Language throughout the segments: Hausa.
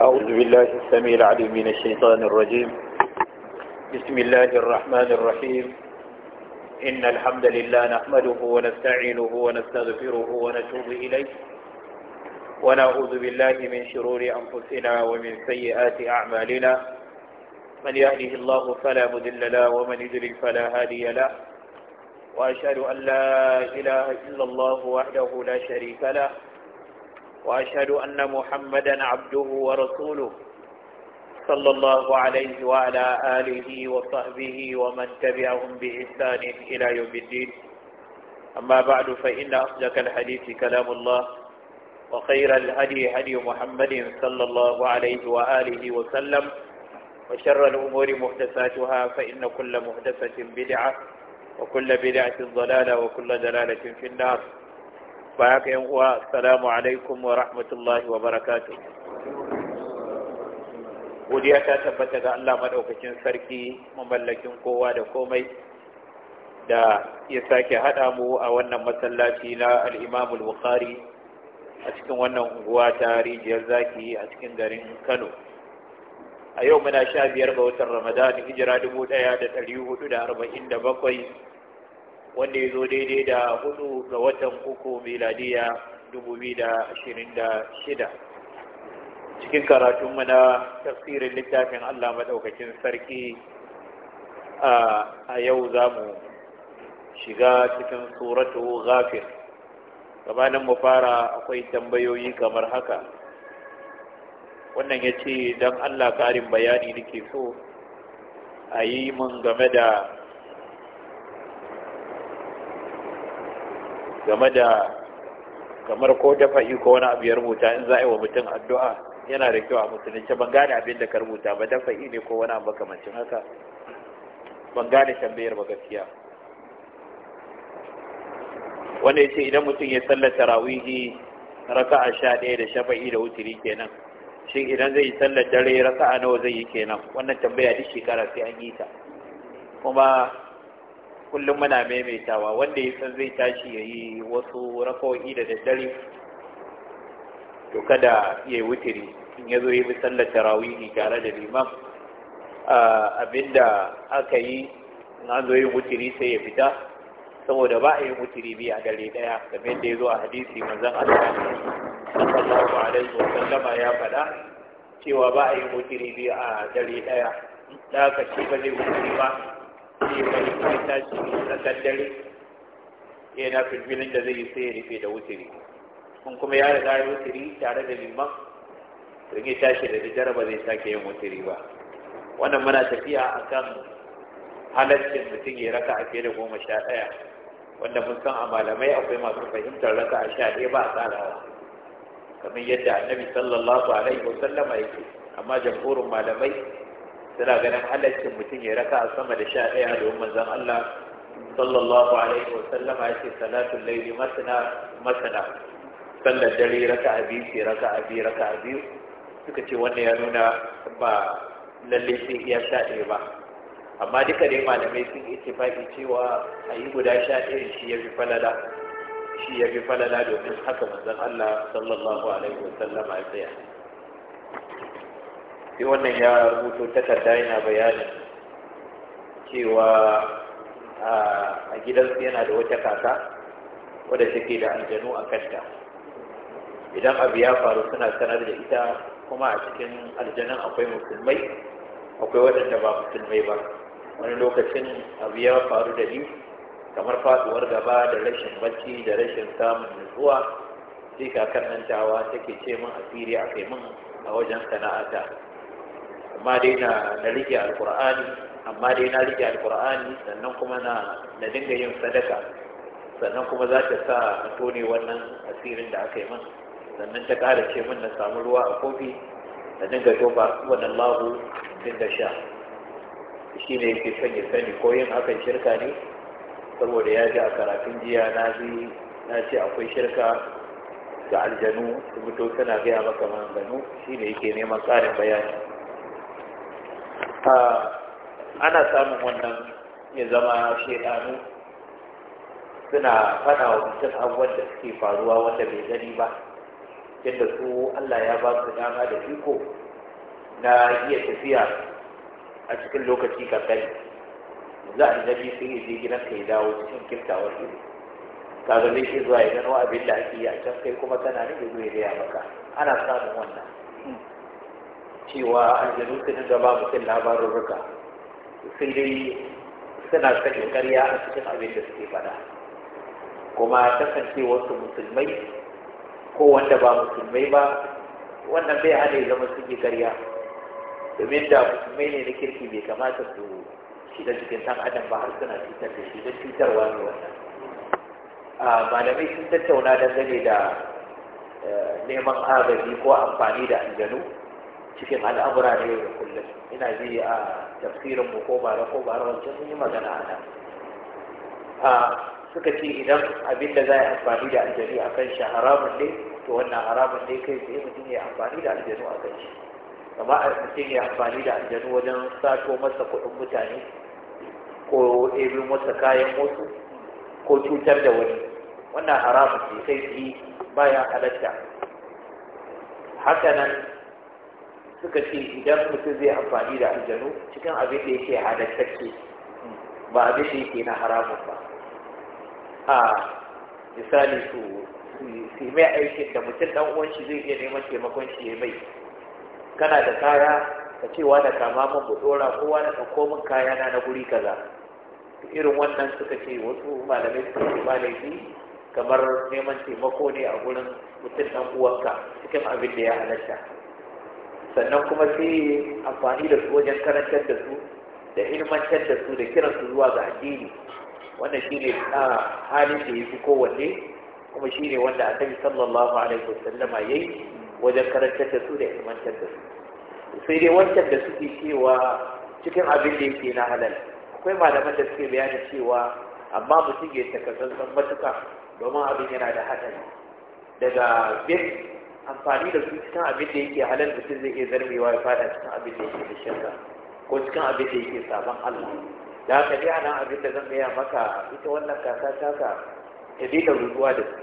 أعوذ بالله السميع العليم من الشيطان الرجيم بسم الله الرحمن الرحيم إن الحمد لله نحمده ونستعينه ونستغفره ونتوب إليه ونعوذ بالله من شرور أنفسنا ومن سيئات أعمالنا من يهده الله فلا مذل له ومن يضلل فلا هادي له وأشهد أن لا إله إلا الله وحده لا شريك له وأشهد أن محمدا عبده ورسوله صلى الله عليه وعلى آله وصحبه ومن تبعهم بإحسان إلى يوم الدين أما بعد فإن أصدق الحديث كلام الله وخير الهدي هدي محمد صلى الله عليه وآله وسلم وشر الأمور محدثاتها فإن كل محدثة بدعة وكل بدعة ضلالة وكل دلالة في النار ba haka yan uwa assalamu alaikum wa rahmatullahi wa barakatu. godiya ta tabbata ga Allah madaukakin sarki mamallakin kowa da komai da ya sake hada mu a wannan masallaci na al-Imam al-Bukhari a cikin wannan unguwa ta rijiyar zaki a cikin garin Kano a yau muna sha biyar ga watan Ramadan hijira 1447 wanda ya zo daidai da hudu ga watan uku miladiya shida. cikin karatunmu na tafsirin littafin Allah maɗaukacin sarki a yau za mu shiga cikin suratu ghafir gabanin mu fara akwai tambayoyi kamar haka wannan ya ce don Allah ƙarin bayani nake so a yi mun game da game da kamar ko dafa iko wani abu ya rubuta in za a yi wa mutum addu'a yana da kyau a musulunci ban gane abin da ka rubuta ba dafa ne ko wani abu makamancin haka ban gane tambayar ba gaskiya wanda ya ce idan mutum ya sallata rawihi raka'a sha ɗaya da shafa'i da wuturi kenan shi idan zai yi sallar dare raka'a nawa zai yi kenan wannan tambaya duk shekara sai an yi ta kuma kullum muna maimaitawa wanda ya san zai tashi ya yi wasu rakawai da daddare to kada ya yi wutiri in ya zo ya bi sallar tarawihi tare da liman abinda aka yi na zo yin wutiri sai ya fita saboda ba a yi wutiri biyu a dare daya game da ya zo a hadisi manzon Allah sallallahu alaihi wa sallama ya faɗa cewa ba a yi wutiri biyu a dare daya da aka ce ba zai wutiri ba sai bari kai tashi ne tsakar dare ya da zai yi sai ya rufe da wutiri kun kuma ya riga ya wutiri tare da liman sun tashi da daddare ba zai sake yin wutiri ba wannan muna tafiya akan halaccin mutum ya raka a fiye da goma sha ɗaya wanda mun san a malamai akwai masu fahimtar raka a sha ɗaya ba a tsarawa kamar yadda annabi sallallahu alaihi wasallama yake amma jamhurin malamai suna ganin halaccin mutum ya raka a sama da sha ɗaya da manzon Allah sallallahu alaihi wa sallama ya ce salatul laili masana masana sallar dare raka a biyu ce raka a biyu raka a biyu suka ce wannan ya nuna ba lalle sai iya sha ɗaya ba amma duka dai malamai sun yi ittifaqi cewa a yi guda sha ɗaya shi ya fi falala shi ya fi falala domin haka manzon Allah sallallahu alaihi wa sallama ya tsaya sai wannan ya rubuto takarda yana bayanin cewa a gidansu yana da wata kaka wadda take da aljanu a kanta idan abu ya faru suna sanar da ita kuma a cikin aljanan akwai musulmai akwai waɗanda ba musulmai ba wani lokacin abu ya faru da ni kamar faduwar gaba da rashin bacci da rashin samun nutsuwa sai kakar nan tawa take ce min asiri a kai min a wajen sana'ata amma dai na na rike alkur'ani amma dai na rike alkur'ani sannan kuma na na dinga yin sadaka sannan kuma za ta sa a tone wannan asirin da aka yi min sannan ta ƙara ce min na samu ruwa a kofi na dinga toba wannan lahu dinga sha shi ne yake son ya sani ko yin hakan shirka ne saboda ya ji a karatun jiya na ji na ce akwai shirka ga aljanu su fito suna gaya maka maganganu shi ne yake neman tsarin bayani ana samun wannan ya zama shaidanu suna fada wa mutum abubuwan da suke faruwa wanda bai gani ba yadda su Allah ya ba su dama da iko na iya tafiya a cikin lokaci kankani za a nabi sai ya je gidan ka ya dawo cikin kiftawar ido kaga zai shi zuwa ya gano abin da ake yi a can kai kuma tana ya zo ya maka ana samun wannan cewa aljanu su dinga ba mutum ruka, sai dai suna sanya karya a cikin abin da suke faɗa kuma wasu musulmai ko wanda ba musulmai ba wannan bai hana ya zama suke karya domin da musulmai ne na kirki bai kamata su shiga cikin san adam ba har suna cutar da shi don cutarwa ne wannan malamai sun tattauna dangane da eh, neman agaji ko amfani da aljanu cikin al'amura ne da kullum ina ji a tafsirin mu ko bara ko bara wancan sun yi magana a nan a suka ce idan abin da za a amfani da aljanu a kan shi haramun ne to wannan haramun ne kai sai mutum ya amfani da aljanu a kan shi kama a mutum ya amfani da aljanu wajen sato masa kuɗin mutane ko ɗebin masa kayan motsu ko cutar da wani wannan haramun ne sai su baya halatta haka nan suka ce idan mutum zai amfani da aljanu cikin abin da yake halattacce ba abin da yake na haramun ba a misali su su mai aikin da mutum dan uwan shi zai iya neman taimakon shi ya mai kana da kaya ka ce wa da kama min mu dora ko wa da ɗauko min kaya na na guri kaza irin wannan suka ce wasu malamai suka ce malami kamar neman taimako ne a gurin mutum dan uwanka cikin abin da ya halatta sannan kuma sai amfani da su wajen karantar da su da ilmantar da su da kiran su zuwa ga addini wannan ne a halin da yafi kowanne kuma shi ne wanda yi sallallahu alaihi wasallama yayi wajen karantar da su da ilmantar da su sai dai wancan da suke cewa cikin abin da yake na halal akwai malaman da suke bayanin cewa amma mutum ya taka matuka domin abin yana da haɗari daga bin amfani da su cikin abin da yake halal mutum zai iya zarmewa ya fada cikin abin da yake da shirka ko cikin abin da yake sabon Allah da haka dai ana abin da zan gaya maka ita wannan kaka taka ta daina rubuwa da su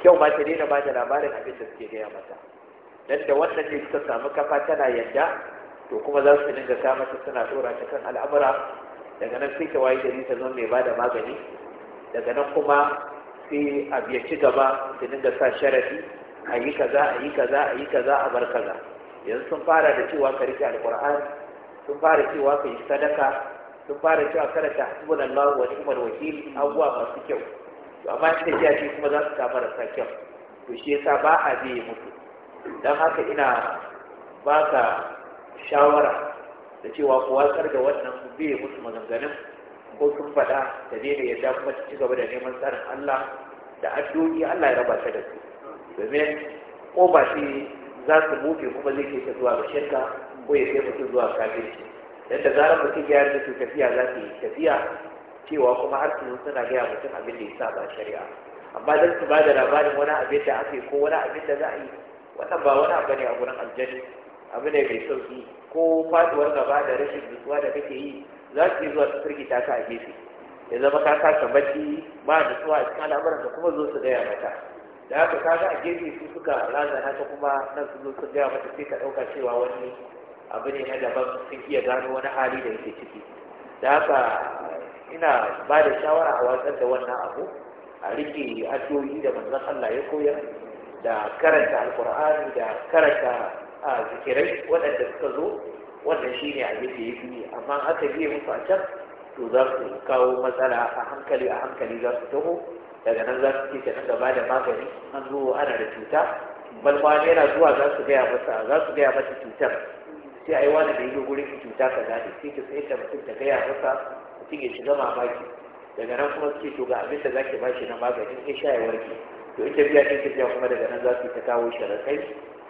kyau ma ta daina ba da labarin abin da suke gaya mata dan da wannan ne suka samu kafa tana yadda to kuma za su dinga sa mata suna dora ta kan al'amura daga nan sai ta wayi gari ta zama mai bada magani daga nan kuma sai a ya ci gaba su dinga sa sharafi a yi kaza a yi kaza a yi kaza a bar kaza yanzu sun fara da cewa ka rike Alƙur'an, sun fara cewa ka yi sadaka sun fara cewa kada ta hasbuna Allah wa ni'mal wakil abuwa masu kyau to amma shi ka kuma za su kama sa kyau to shi yasa ba a biye mutu dan haka ina baka shawara da cewa ku watsar da wannan ku biye musu maganganun ko sun faɗa da daina yadda kuma ci gaba da neman tsarin Allah da addu'o'i Allah ya raba ta da su domin ko ba shi za su buke kuma zai ke zuwa ga shirka ko ya kai mutum zuwa kafirci dan da zarar mutum ya yarda su tafiya za su yi tafiya cewa kuma har suna gaya mutum abin da ya sa ba shari'a amma dan su ba da labarin wani abin da aka yi ko wani abin da za a yi wannan ba wani abu ne a gurin aljanna abu ne mai sauki ko faduwar gaba da rashin nutsuwa da kake yi za su yi zuwa su firgita ka a gefe ya zama ka kasa bacci ba nutsuwa a cikin al'amuran da kuma zo su gaya mata da haka kaga a gefe su suka razana ta kuma nan su zo sun gaya mata sai ka ɗauka cewa wani abu ne na daban sun iya gano wani hali da yake ciki da haka ina ba da shawara a watsar da wannan abu a rike addu'o'i da manzon Allah ya koyar da karanta alkur'ani da karanta zikirai waɗanda suka zo wannan shine a ya yake amma aka biye musu a can to za su kawo matsala a hankali a hankali za su taho daga nan za su ce ga gaba da magani an zo ana da cuta balma yana zuwa za su gaya masa za su gaya masa cutar sai a yi wani da yake gurin cuta ka gane sai ta sai ta mutum ta gaya masa mutum ya shiga mamaki daga nan kuma suke to ga abin da ba bashi na magani in sha ya warke to ita biya din ki biya kuma daga nan za su ta kawo shi kai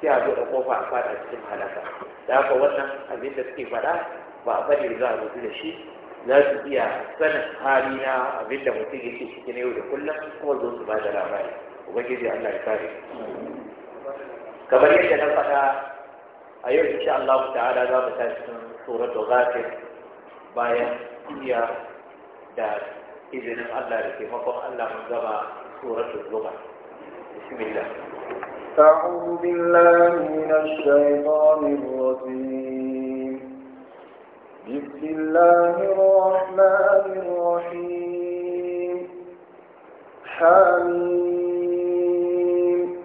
sai a zo da kofa a fada cikin halaka da haka wannan abin da suke faɗa ba a bari za a rubu da shi za su iya sanin hali na abin da mutum yake ciki na yau da kullum kuma zo su ba da labari ubangiji Allah ya kare kamar yadda na faɗa a yau insha Allah ta'ala za mu tashi cikin suratul ghafir bayan iya da izinin Allah da taimakon Allah mun gaba suratul zuma bismillah أعوذ بالله من الشيطان الرجيم بسم الله الرحمن الرحيم حميم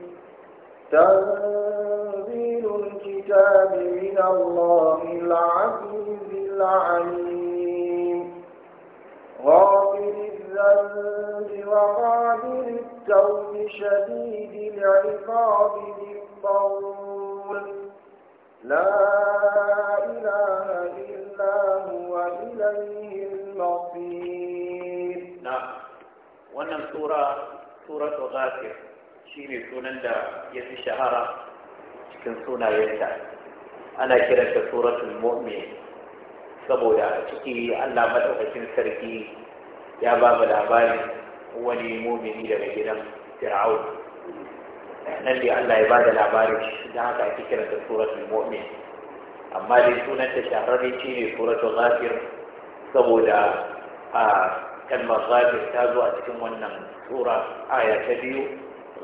تنزيل الكتاب من الله العزيز العليم غافل الذنب وقادر التوب شديد العقاب ذي الطول لا إله إلا هو إليه المصير نعم wannan sura suratul ghafir shine sunan da ya fi shahara cikin sunayenta ana kiranta suratul mu'min saboda ciki Allah madaukakin sarki ya ba mu labarin wani mumini daga gidan Fir'aun nan dai Allah ya bada labarin shi don haka ake kira da suratul mu'min amma dai sunan ta shahararre shi ne suratul ghafir saboda a kalmar ghafir ta zo a cikin wannan sura aya ta biyu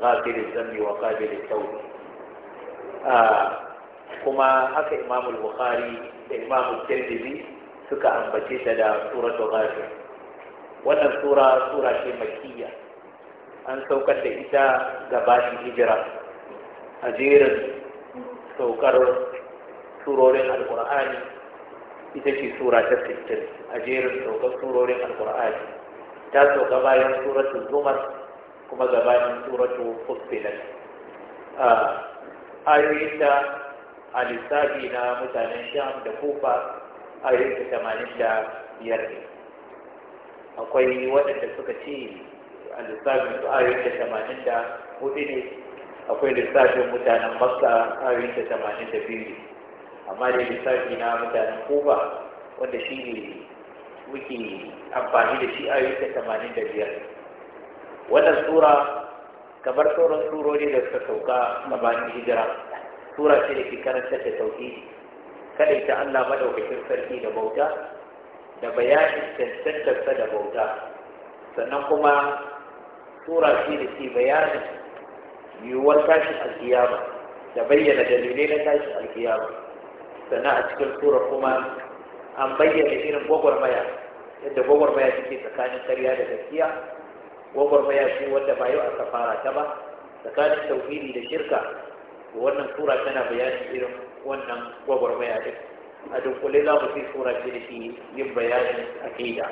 ghafir zambi wa qabil tawb kuma haka Imam al-Bukhari da Imam al-Tirmidhi suka ambace ta da suratul ghafir wannan sura sura ce makiyya an saukar da ita ga hijira a jerin saukar surorin alkur'ani ita ce sura ta sittin a jerin saukar surorin alkur'ani ta sauka bayan suratun zumar kuma gabanin suratul fusilat ayoyinta a lissafi na mutanen sham da kufa da 85 ne akwai waɗanda suka ce a lissafin su ayoyin da tamanin da hudu ne akwai lissafin mutanen makka ayoyin da tamanin da biyu amma da lissafi na mutanen kuba wanda shi ne muke amfani da shi ayoyin da tamanin da biyar wannan tsura kamar sauran turori da suka sauka gabanin hijira tura ce da ke karanta da sauki kada Allah madaukakin sarki da bauta da bayanin cancantarsa da bauta sannan kuma tura shi da ke bayanin yiwuwar tashin alkiyama da bayyana dalilai na tashin alkiyama sannan a cikin tura kuma an bayyana irin gwagwarmaya yadda gwagwarmaya take tsakanin karya da gaskiya gwagwarmaya ce wanda ba yau aka ta ba tsakanin tauhidi da shirka wannan tura tana bayanin irin wannan gwagwarmaya din a dunkule za mu sai tura ce da ke yin bayanin aƙida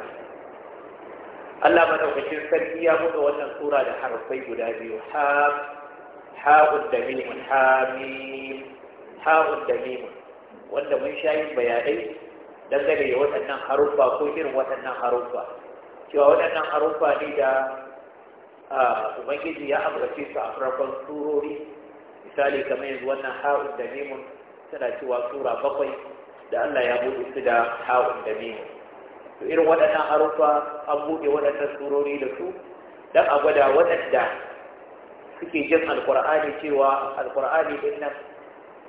Allah madaukakin sarki ya buɗe wannan sura da harfai guda biyu ha'ud da mimun hamim ha'ud da mimun wanda mun sha yin bayanai dangane da waɗannan haruffa ko irin waɗannan haruffa cewa waɗannan haruffa ne da ubangiji ya ambace su a farkon surori misali kamar yanzu wannan ha'ud da mimun tana cewa sura bakwai da Allah ya buɗe su da ha'ud da mimun to irin waɗannan harufa an buɗe waɗannan surori da su don a gwada waɗanda suke jin alkur'ani cewa alkur'ani ɗin nan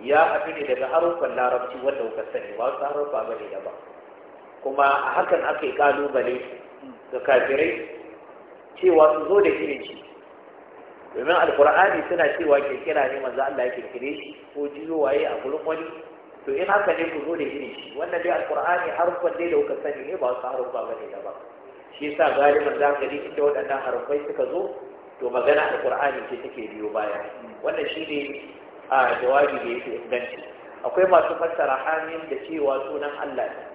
ya haɗu ne daga harufan larabci wanda kuka sani ba su harufa ba ne ba. kuma a hakan aka yi kalubale ga kafirai cewa su zo da irin shi domin alkur'ani suna cewa kirkira ne manzo Allah ya kirkire shi ko jiyo waye a gurin wani to in haka ne ku zo da irin shi wannan dai alkur'ani harufan dai da kuka sani ne ba wasu harufa ne da ba shi yasa galiban za ka ji inda waɗannan harufai suka zo to magana alkur'ani ce take biyo baya wannan shi ne a jawabi da yake inganci akwai masu fassara hamim da cewa sunan Allah ne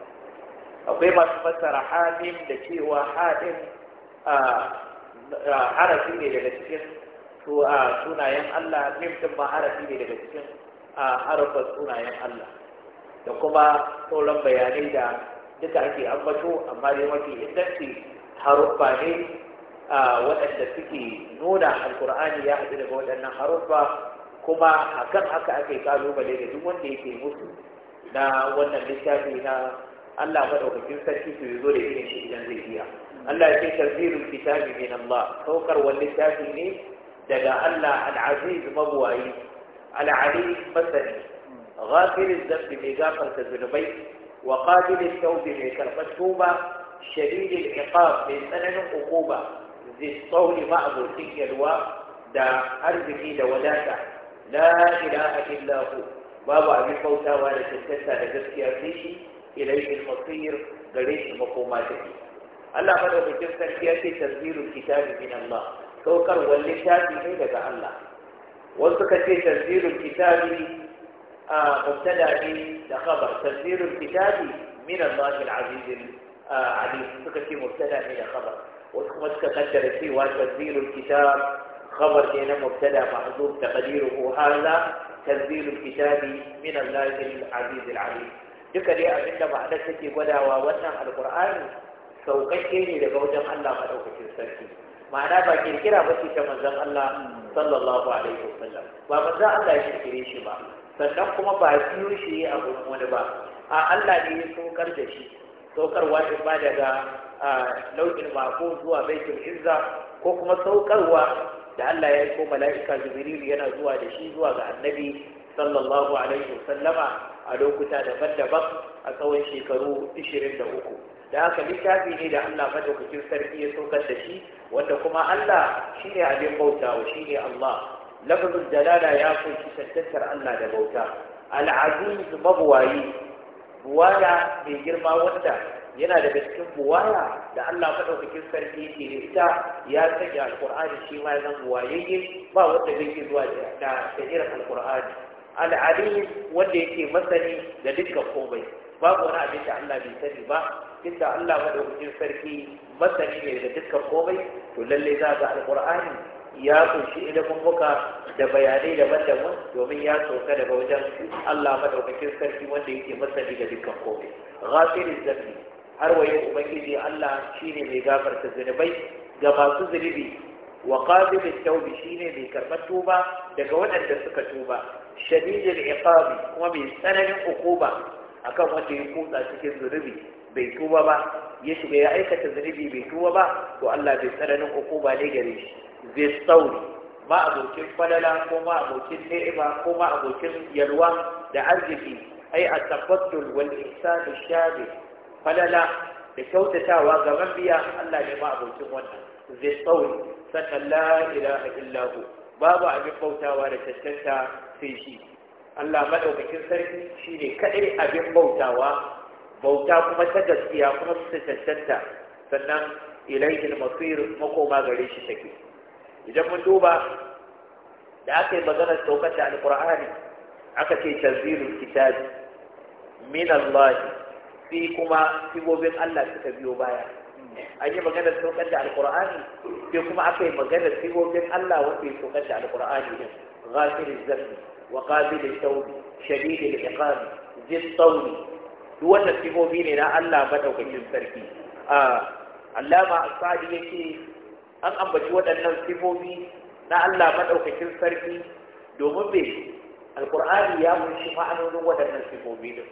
akwai masu fassara hamim da cewa haɗin harafi ne daga cikin sunayen Allah mim din ma harafi ne daga cikin harafin sunayen Allah da kuma sauran bayanai da duka ake ambato amma dai mafi inganci haruffa ne a waɗanda suke nuna alkur'ani ya haɗu daga waɗannan haruffa kuma akan haka ake yi kalubale da duk wanda yake musu na wannan littafi na Allah madaukakin sarki su zo da irin shi idan zai iya Allah ya ce tanzilul kitabi min Allah saukar wani littafi ne daga Allah al-aziz mabwayi al-alim masani غافل الذنب اللي غافل وقابل التوب اللي كرفت شديد العقاب من سنن عقوبة ذي الصول بعض الواء دا أرزقي دا وداتا لا إله إلا هو بابا أبي فوتا وانا تنتسى لذكي أرزيشي إليه المصير قريش مقوماتك الله فلو بجمسك يأتي تذبير الكتاب من الله كوكر واللتاتي من الله وانتك تذبير الكتاب مبتدا به ده خبر ne الكتاب من الله العزيز العليم فكتي مبتدا به خبر وكما تقدر فيه وتنزيل الكتاب خبر كان مبتدا محذوف تقديره هذا تنزيل الكتاب من الله العزيز العليم duka dai abin da ma'anar take gwadawa wannan alkur'ani sauƙaƙe ne daga wajen Allah maɗaukakin sarki ma'ana ba kirkira ba ce ta manzon Allah sallallahu alaihi wasallam ba manzon Allah ya kirkire shi ba sannan kuma ba biyu shi a wani ba a Allah ne ya saukar da shi saukarwa in ba daga nau'in mako zuwa baitul izza ko kuma saukarwa da Allah ya ko mala'ika jibril yana zuwa da shi zuwa ga annabi sallallahu alaihi wasallama a lokuta daban-daban a tsawon shekaru 23 da haka littafi ne da Allah madaukakin sarki ya saukar da shi wanda kuma Allah shine abin bautawa shine Allah lafazin dalala ya kunshi shantantar Allah da bauta al'aziz mabuwayi buwaya mai girma wanda yana daga cikin buwaya da Allah madaukakin sarki ke da ita ya sanya alqur'ani shi ma zan buwayayye ba wanda zai zuwa da irin alqur'ani al'alim wanda yake masani da dukkan komai babu wani abin da Allah bai sani ba inda Allah madaukakin sarki masani ne da dukkan komai to lallai za ga alqur'ani ya kunshi ilimin muka da bayanai daban-daban domin ya sauka daga wajen Allah madaukakin sarki wanda yake masani da dukkan komai ghafirin zambi har waye ubangiji Allah shine mai gafarta zunubai ga masu zunubi wa ta'ubi tawbi shine mai karɓar tuba daga waɗanda suka tuba shadidul iqabi kuma mai tsananin ukuba akan wanda ya kutsa cikin zunubi bai tuba ba ya shiga ya aikata zunubi bai tuba ba to Allah bai tsananin ukuba ne gare shi zai tsauri ma abokin falala ko ma abokin ni'ima ko ma abokin yalwa da arziki ai a tafaddul wal ihsan shabi falala da kyautatawa ga mabiya Allah ne ma abokin wannan zai tsauri sannan la ilaha illa hu babu abin bautawa da tantanta sai shi Allah madaukakin sarki shine kadai abin bautawa bauta kuma ta gaskiya kuma su tantanta sannan ilaihi al-masir makoma gare shi take idan mun duba da aka yi maganar saukar da alƙur'ani aka ce tanzilul kitabi min Allah fi kuma sigobin Allah suka biyo baya an yi maganar saukar da alƙur'ani sai kuma aka yi maganar sigobin Allah wanda ya saukar da alƙur'ani ne? ghafiriz zambi wa qabilit tawbi shadidil iqam zid tawli duk wannan sigobi ne na Allah madaukakin sarki a ah, Allama Sa'di yake an ambaci waɗannan sifofi na Allah maɗaukakin sarki domin bai alƙur'ani ya kunshi ma'anonin waɗannan sifofi din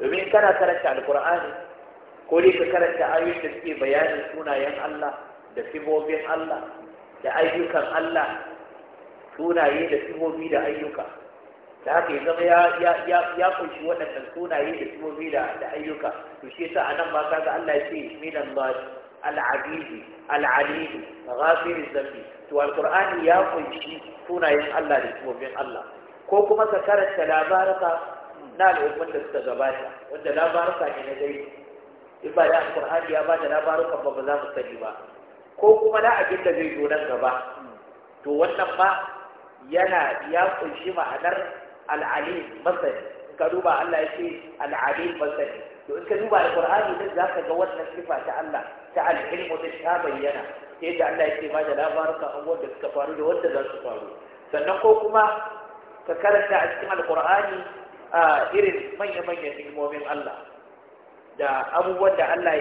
domin kana karanta alƙur'ani ko dai ka karanta ayoyin da suke bayanin sunayen Allah da sifofin Allah da ayyukan Allah sunaye da sifofi da ayyuka da haka ya zama ya kunshi waɗannan sunaye da sifofi da ayyuka to shi sa yasa anan ma ga Allah ya ce minan ba al'azizi al'alimu ghafiri zambi to alqur'ani ya kunshi sunayen Allah da sumomin Allah ko kuma ka karanta labaraka na al'ummar da suka gabata wanda labaraka ne na dai in ba da alqur'ani ya bada labaruka ba ba za mu sani ba ko kuma na abin da zai zo nan gaba to wannan ba yana ya kunshi ma'anar al'alim masani ka duba Allah ya ce al'alim masani to in ka duba alqur'ani za ka ga wannan sifa ta Allah ta al'ilmu ta bayyana da Allah ya ce ba da labaruka abubuwan da suka faru da wanda za su faru sannan ko kuma ka karanta a cikin alkur'ani a irin manya-manyan hikimomin Allah da abubuwan da Allah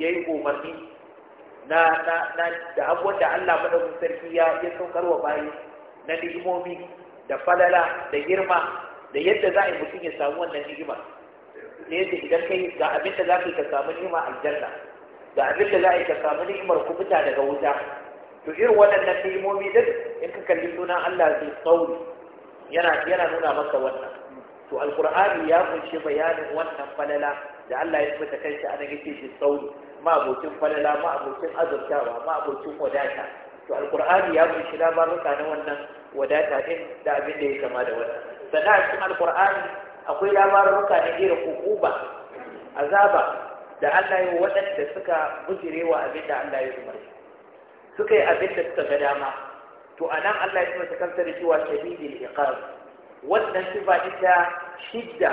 ya yi umarni na da abubuwan da Allah madaukakin sarki ya ya saukar wa bayi na ni'imomi da falala da girma da yadda za a yi mutum ya samu wannan ni'imar da yadda idan kai ga abin da za ka yi ka samu ni'ima aljanna ga abin da za ka samu ni'imar kubuta daga wuta to irin waɗannan ni'imomi duk in ka kalli sunan Allah zai tsauri yana yana nuna maka wannan to alqur'ani ya kunshi bayanin wannan falala da Allah ya tsaka kanshi ana yake shi tsauri ma abokin falala ma abokin azurtawa ma abokin wadata to alqur'ani ya kunshi labarin na wannan wadata din da abin da ya kama da wannan sannan a cikin alqur'ani akwai labaruka na irin hukuba azaba da Allah ya waɗanda suka bujirewa abin da Allah ya umarci suka yi abin da suka ga dama to a nan Allah ya mata kansa da cewa shadidil iqab wannan sifa ita shidda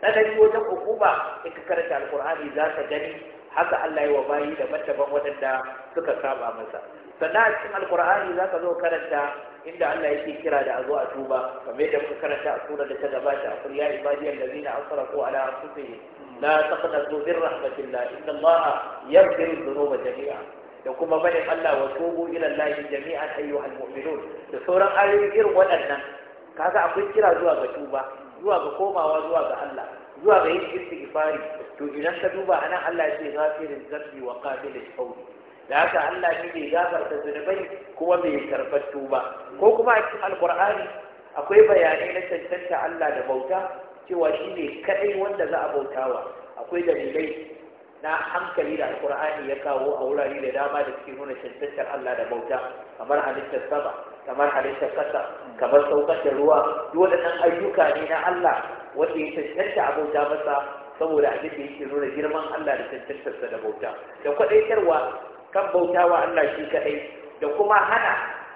tsanani wajen hukuma in ka karanta alqur'ani za ka gani haka Allah ya wa bayi daban-daban waɗanda suka saba masa sannan a cikin alkur'ani za ka zo karanta inda Allah yake kira da a zo a tuba kamar yadda muka karanta a surar da ta gabata a kulliya ibadiyar da zina ko ala anfusihim la taqnatu min rahmatillah inna Allah yaghfiru dhunuba jami'a da kuma bane Allah wa tubu ila Allah jami'an ayyuhal mu'minun da sauran ayoyi irin waɗannan kaga akwai kira zuwa ga tuba zuwa ga komawa zuwa ga Allah zuwa ga yin istighfari to idan ka duba anan Allah ya ce ghafirin dhanbi wa qabilul tawbi da haka Allah ne mai gafarta zunubai kuma bai karɓar tuba ko kuma a cikin alkur'ani akwai bayanai na cancanta Allah da bauta cewa shi ne kaɗai wanda za a bautawa akwai dalilai na hankali da alkur'ani ya kawo a wurare da dama da suke nuna cancantar Allah da bauta kamar halittar sama kamar halittar ƙasa, kamar saukar ruwa duk waɗannan ayyuka ne na Allah wanda ya cancanta a bauta masa saboda abin da yake nuna girman Allah da cancantarsa da bauta da kwaɗaitarwa kan bauta wa Allah shi kaɗai da kuma hana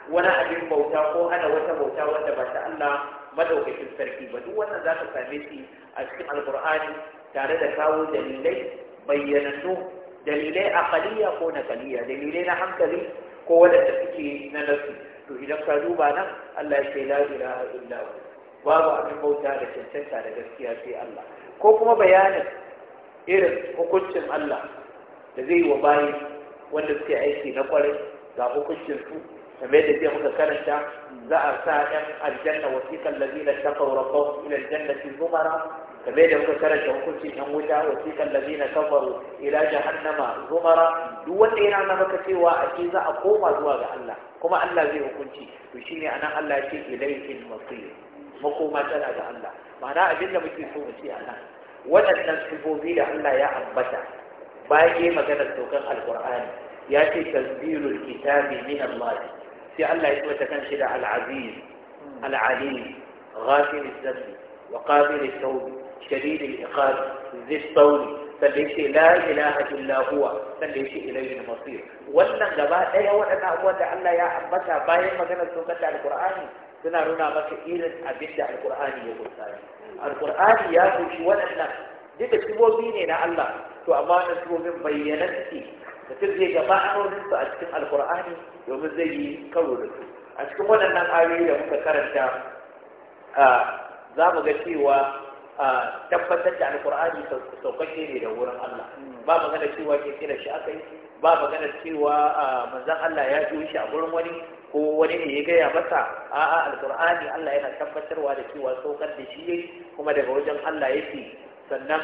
wani abin bauta ko hana wata bauta wanda ba ta Allah madaukakin sarki ba duk wannan za ta same shi a cikin alkur'ani tare da kawo dalilai bayyanannu dalilai a aqaliya ko na nakaliya dalilai na hankali ko wadanda suke na nasu to idan ka duba nan Allah ya ce la ilaha illa hu babu abin bauta da cancanta da gaskiya sai Allah ko kuma bayanin irin hukuncin Allah da zai wa bayan wanda suke aiki na kwarai ga hukuncin su kamar da zai muka karanta za a sa ɗan aljanna wasiƙan lazina ta rabbahum ila aljannati zumara kamar da muka karanta hukuncin ɗan wuta wasiƙan lazina faru ila jahannama zumara duk wanda yana nuna maka cewa a ce za a koma zuwa ga Allah kuma Allah zai hukunci to a anan Allah ce ilayhi al makoma tana ga Allah ma'ana abin da muke so mu ce anan waɗannan sifofi da Allah ya ambata باقي مكان التوقف على القرآن يأتي تذبير الكتاب من الله في الله يتوى تكنشد على العزيز العليم غافل الذنب وقابل التوب شديد الإقاب ذي الطول فالليش لا إله إلا هو فالليش إليه المصير وانا قبا أي أول أن أعوذ أن يا أبتا باقي مكان التوقف على القرآن سنرنا بك إلى أبدا القرآن يقول ثاني القرآن يأتي شوان أنك دي تكتبوا بيني لأ الله to amma na surorin bayyana suke mutum zai ga ma'anonin su a cikin alkur'ani domin zai yi karo da su a cikin waɗannan ayoyi da muka karanta za mu ga cewa tabbatar da alkur'ani saukake ne da wurin Allah ba magana cewa ke kira shi aka yi ba magana cewa manzan Allah ya ji shi a gurin wani ko wani ne ya gaya masa a'a alkur'ani Allah yana tabbatarwa da cewa saukar da shi yayi kuma daga wajen Allah yake sannan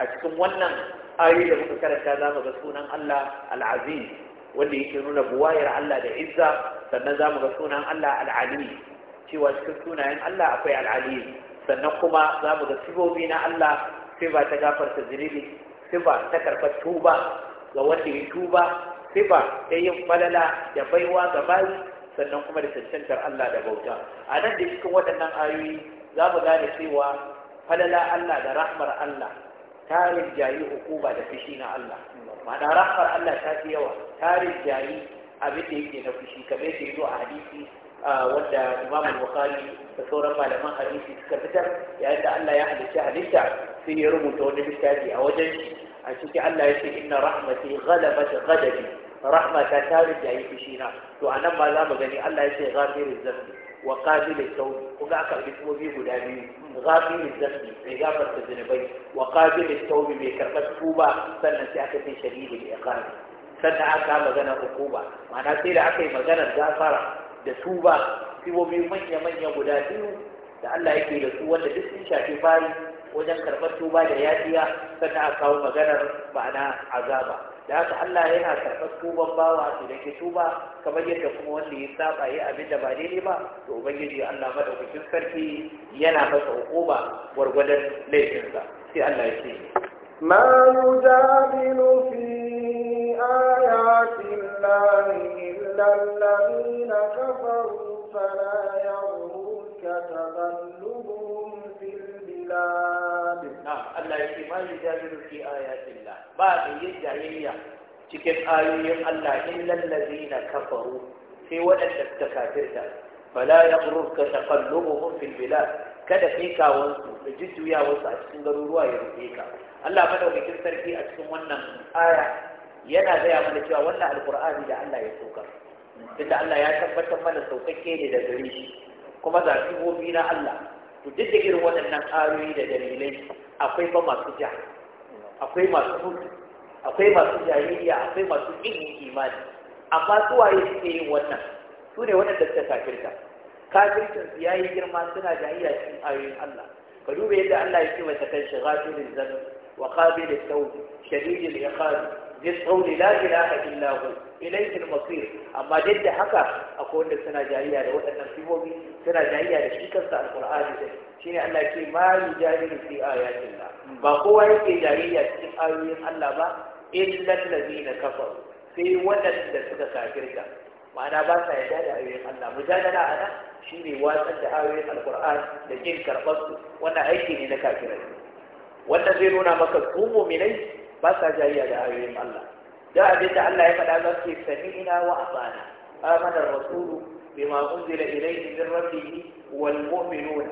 a cikin wannan ayoyi da muka karanta za mu ga sunan Allah al-Aziz wanda yake nuna buwayar Allah da izza sannan za mu ga sunan Allah al cewa cikin sunayen Allah akwai al sannan kuma za mu ga sibobi na Allah siba ta gafarta zunubi siba ta karɓar tuba ga wanda ya tuba siba ta yin falala da baiwa ga bayi sannan kuma da cancantar Allah da bauta a nan da cikin waɗannan ayoyi za mu gane cewa falala Allah da rahmar Allah ta rinjayi hukuma da fushi na Allah ma'ana rahmar Allah ta fi yawa ta rinjayi abin da yake na fushi kamar yake zo a hadisi wanda Imam Bukhari da sauran malaman hadisi suka fitar yayin da Allah ya halicci halitta sai ya rubuta wani littafi a wajen shi a cikin Allah ya ce inna rahmati ghalabat ghadabi rahmata ta rinjayi fushi na to anan ma za mu gani Allah ya ce ghafirul zambi wa qabil tawb kuma aka bi kuma bi guda biyu ghafil dhanbi mai gafarta zunubai wa qabil tawb mai karɓar tuba sannan sai aka fi shadidul iqab sannan aka magana hukuma ma'ana sai da aka yi maganar gafara da tuba bi manya-manya guda biyu da Allah yake da su wanda duk sun shafi fari. wajen karɓar tuba da yafiya sannan a kawo maganar ma'ana azaba da haka Allah yana karɓar tuban bawa da ke tuba kamar yadda kuma wanda ya saba ya abin da ba daidai ba to ubangiji Allah madaukakin sarki yana masa hukuma gwargwadon laifinsa sai Allah ya ce ما يجادل في آيات الله إلا الذين كفروا فلا يغرك تذلهم في Allah yake ma yujadilu fi ayatillah ba da yin jayayya cikin ayoyin Allah illal na kafaru sai waɗanda suka kafirta fala yaghurruka taqallubuhum fil bilad kada kai kawansu da jujjuyawarsu a cikin garuruwa ya rufe ka Allah madaukakin sarki a cikin wannan aya yana gaya mana cewa wannan alqur'ani da Allah ya saukar tunda Allah ya tabbatar mana saukakke ne da gari, kuma ga sifofi na Allah to duk da irin waɗannan ayoyi da dalilai akwai ba masu ja akwai masu mutu akwai masu jahiliya akwai masu yin imani amma yi suke yin wannan su ne waɗanda suka kafirta kafirta su yayi girma suna jahiliya cikin ayoyin Allah ka duba yadda Allah ya ce wa takan shighatu lil zan wa qabil at-tawb shadid zai iqab da القول لا ilaihi al-masir amma duk da haka akwai wanda suna jariya da waɗannan sifofi suna jariya da shi kansa da shi shine Allah ke ma yujadilu fi ayatillah ba kowa yake jariya cikin ayoyin Allah ba illa allazina kafaru sai waɗanda suka kafirta ma'ana ba sa yarda da ayoyin Allah mujadala ana shine watsar da ayoyin alqur'ani da jin karɓar su wannan aiki ne na kafirai wanda zai nuna maka su mu'minai ba sa jariya da ayoyin Allah دعب تعالى فالعباد كيف سمينا وأعطانا آمن الرسول بما أنزل إليه من ربه والمؤمنون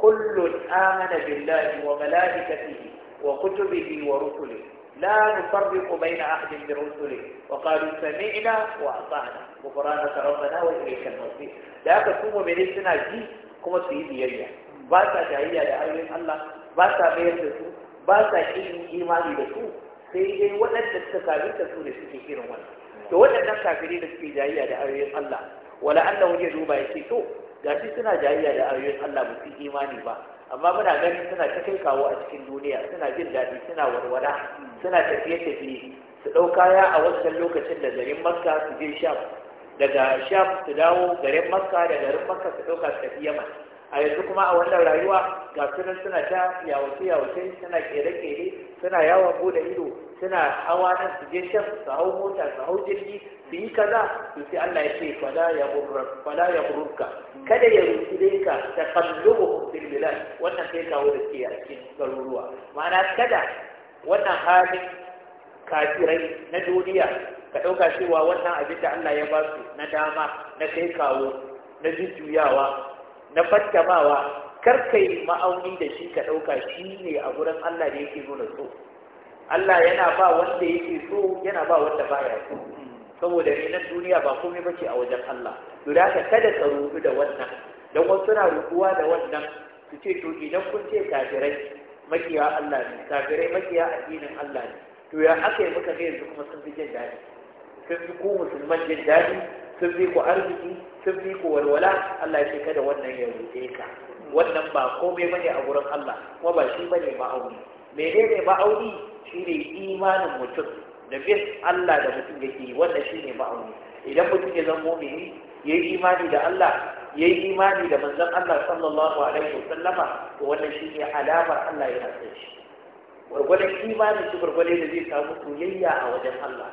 كل آمن بالله وملائكته وكتبه ورسله لا نفرق بين أحد من رسله وقالوا سمعنا وأطعنا وقرانا ربنا وإليك المصير لا تقوم من السنة دي كما في إذن يجع باسا جاية لأيوه الله باسا بيرسو باسا إيماني لسو sai dai waɗanda suka ta su da suke irin wannan to waɗannan kafiri da suke jayayya da ayoyin Allah wala annahu ya ce yake to shi suna jayayya da ayoyin Allah ba su imani ba amma muna ganin suna ta kai kawo a cikin duniya suna jin daɗi suna warwara suna tafiye-tafiye su ɗau kaya a wancan lokacin da garin makka su je sham daga sham su dawo garin makka da garin makka su ɗauka su tafi yaman a yanzu kuma a wannan rayuwa ga su suna ta yawace yawace suna kere kere suna yawon bude ido suna hawa nan su je shan su hau mota su hau jirgi su yi kaza su sai Allah ya ce fala ya gurra kada ya rufi dai ka ta kallubu fil wannan sai kawo da ke a cikin garuruwa ma'ana kada wannan halin kafirai na duniya ka ɗauka cewa wannan abin da Allah ya ba su na dama na kai kawo na jujjuyawa na fattamawa yi ma'auni da shi ka ɗauka shi ne a wurin Allah da yake nuna so Allah yana ba wanda yake so yana ba wanda ya so saboda rinan duniya ba komai ce a wajen Allah to kada ka rubu da wannan dan wasu suna rubuwa da wannan su ce to idan kun ce kafirai makiya Allah ne kafirai makiya addinin Allah ne to ya aka yi muka gaya yanzu kuma sun fi jin daɗi sun fi ko musulman jin daɗi sun fi ku arziki sun fi ku walwala Allah ya ce kada wannan ya rute ka wannan ba komai bane a gurin Allah kuma ba shi bane ma'auni menene ma'auni shine imanin mutum da bin Allah da mutum yake wannan shine ma'auni idan mutum ya zama mu'mini yayi imani da Allah yayi imani da manzon Allah sallallahu alaihi wasallama to wannan shine alamar Allah yana son shi gwargwadon imanin shi gwargwadon da zai samu soyayya a wajen Allah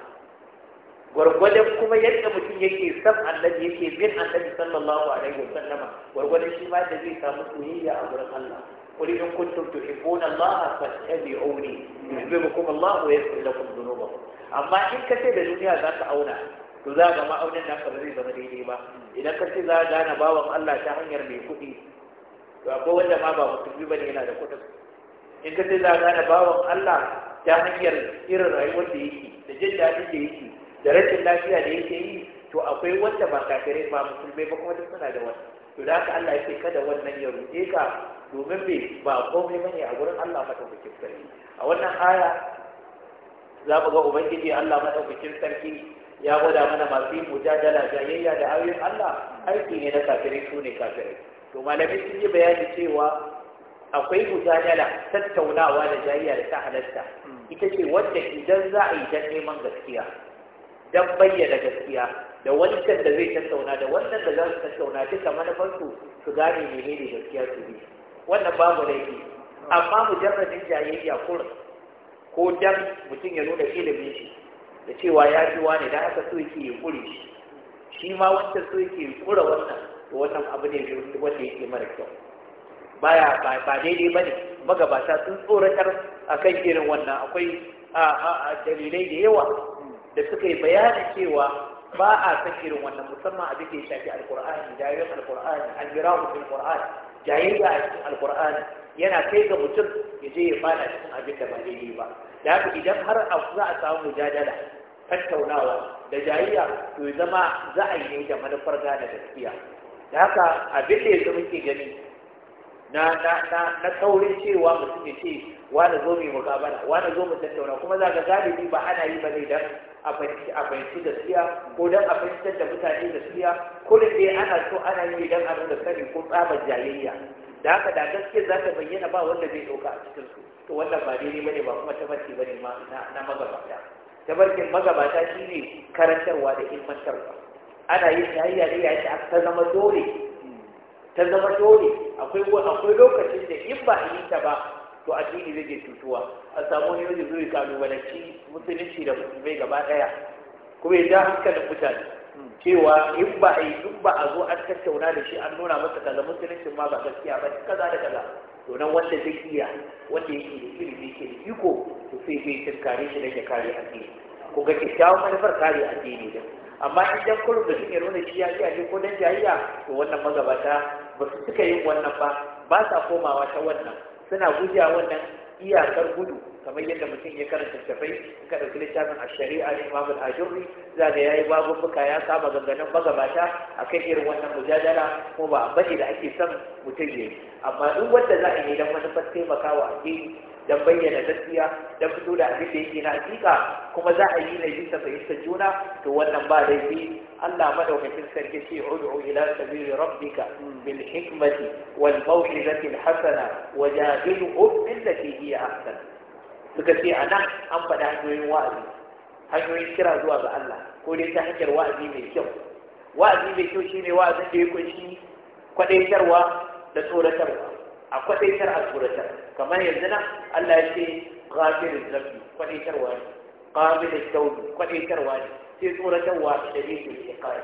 gwargwadon kuma yadda mutum yake san annabi yake bin annabi sallallahu alaihi wa sallama gwargwadon shi ma da zai samu soyayya a wurin Allah قل إن كنتم تحبون الله فاتبعوني يحببكم الله ويغفر لكم ذنوبكم أما إن كتب الدنيا ذات أونا to za ga ma'aunin naka ba zai zama daidai ba idan ka ce gane bawan Allah ta hanyar mai kuɗi to akwai wanda ma ba musulmi bane yana da kuɗin in ka ce gane bawan Allah ta hanyar irin rayuwar da yake da jin da yake da rashin lafiya da yake yi to akwai wanda ba kafirai ba musulmai ba kuma duk suna da wani to da haka Allah yake kada wannan ya ruɗe ka domin bai ba komai bane a gurin Allah madaukakin sarki a wannan aya za mu ga ubangiji Allah madaukakin sarki ya gwada mana masu yin mujadala jayayya da ayoyin Allah aiki ne na kafirai su ne kafirai to malamai sun yi bayani cewa akwai mujadala tattaunawa da jayayya da ta halatta hmm. ita ce wadda idan za a yi dan neman gaskiya don bayyana gaskiya da wancan da zai tattauna da wannan da za su tattauna duka manufarsu su gane menene gaskiya su bi wannan babu laifi amma mujarradin jayayya kur ko dan mutum ya nuna ilimin shi da cewa ya ji wani da aka so yake kure shi shi ma wancan so yake kura wannan to wannan abu ne wanda yake mara kyau baya ba daidai bane magabata sun tsoratar akan irin wannan akwai dalilai da yawa da suka yi bayani cewa ba a san irin wannan musamman abin da ya shafi alkur'ani jayayyar alkur'ani almirahu fil qur'an jayayya a cikin alkur'ani yana kai ga mutum ya je ya fada cikin abin da ba daidai ba da haka idan har a za a samu mujadala tattaunawa da jayayya to ya zama za a yi da manufar gane gaskiya da haka abin da ya zama ke gani na na na na kaurin cewa mutum ya ce wani zo mu yi mukabala wani zo mu tattauna kuma za ka galibi ba ana yi ba ne dan a fahimci a fahimci ko don a fahimtar da mutane siya ko da dai ana so ana yi don a nuna sani ko tsabar jayayya da haka da gaske za ta bayyana ba wanda zai ɗauka a cikin su to wannan ba daidai bane ba kuma ta ba bane ma na magabata barke magabata shine karantarwa da ilmantarwa ana yin jayayya ne ya ce ta zama dole ta zama dole akwai akwai lokacin da in ba a yi ta ba to addini zai ke cutuwa a samu wani wajen zuri kalubalanci musulunci da musulmai gaba ɗaya kuma ya ja hankalin mutane cewa in ba a yi duk ba a zo an tattauna da shi an nuna masa kaza musulunci ma ba gaskiya ba kaza da kaza to nan wanda zai iya wanda yake da ilimi ke da iko to sai zai tunkare shi da ya kare addini ko ga kyakkyawan manufar kare addini din amma in dan kullum da suke nuna shi ya kiyaye ko dan jayayya to wannan magabata ba su suka yin wannan ba ba sa komawa ta wannan suna guje wannan iyakar gudu kamar yadda mutum ya karanta tafai in ka ɗauki littafin a shari'a ne ma al-ajurri za ga yayi babubbuka ya saba ganganin magabata a kan irin wannan mujadala ko ba a bane da ake son mutum ya yi amma duk wanda za a yi don manufar taimakawa addini don bayyana gaskiya don fito da abin da yake na hakika kuma za a yi na yi ta fahimta juna to wannan ba laifi Allah madaukakin sarki ce ud'u ila sabili rabbika bil hikmati wal maw'izati al hasana wa jadilhum billati hiya ahsan suka ce anan an faɗa hanyoyin wa'azi hanyoyin kira zuwa ga Allah ko dai ta hanyar wa'azi mai kyau wa'azi mai kyau shine wa'azin da ya kunshi kwadaitarwa da tsoratarwa a kwadaitar a tsoratar kamar yanzu nan Allah ya ce ghafirin zafi kwadaitarwa ne qabilin tawbi kwadaitarwa ne sai tsoratarwa da dalilin iqai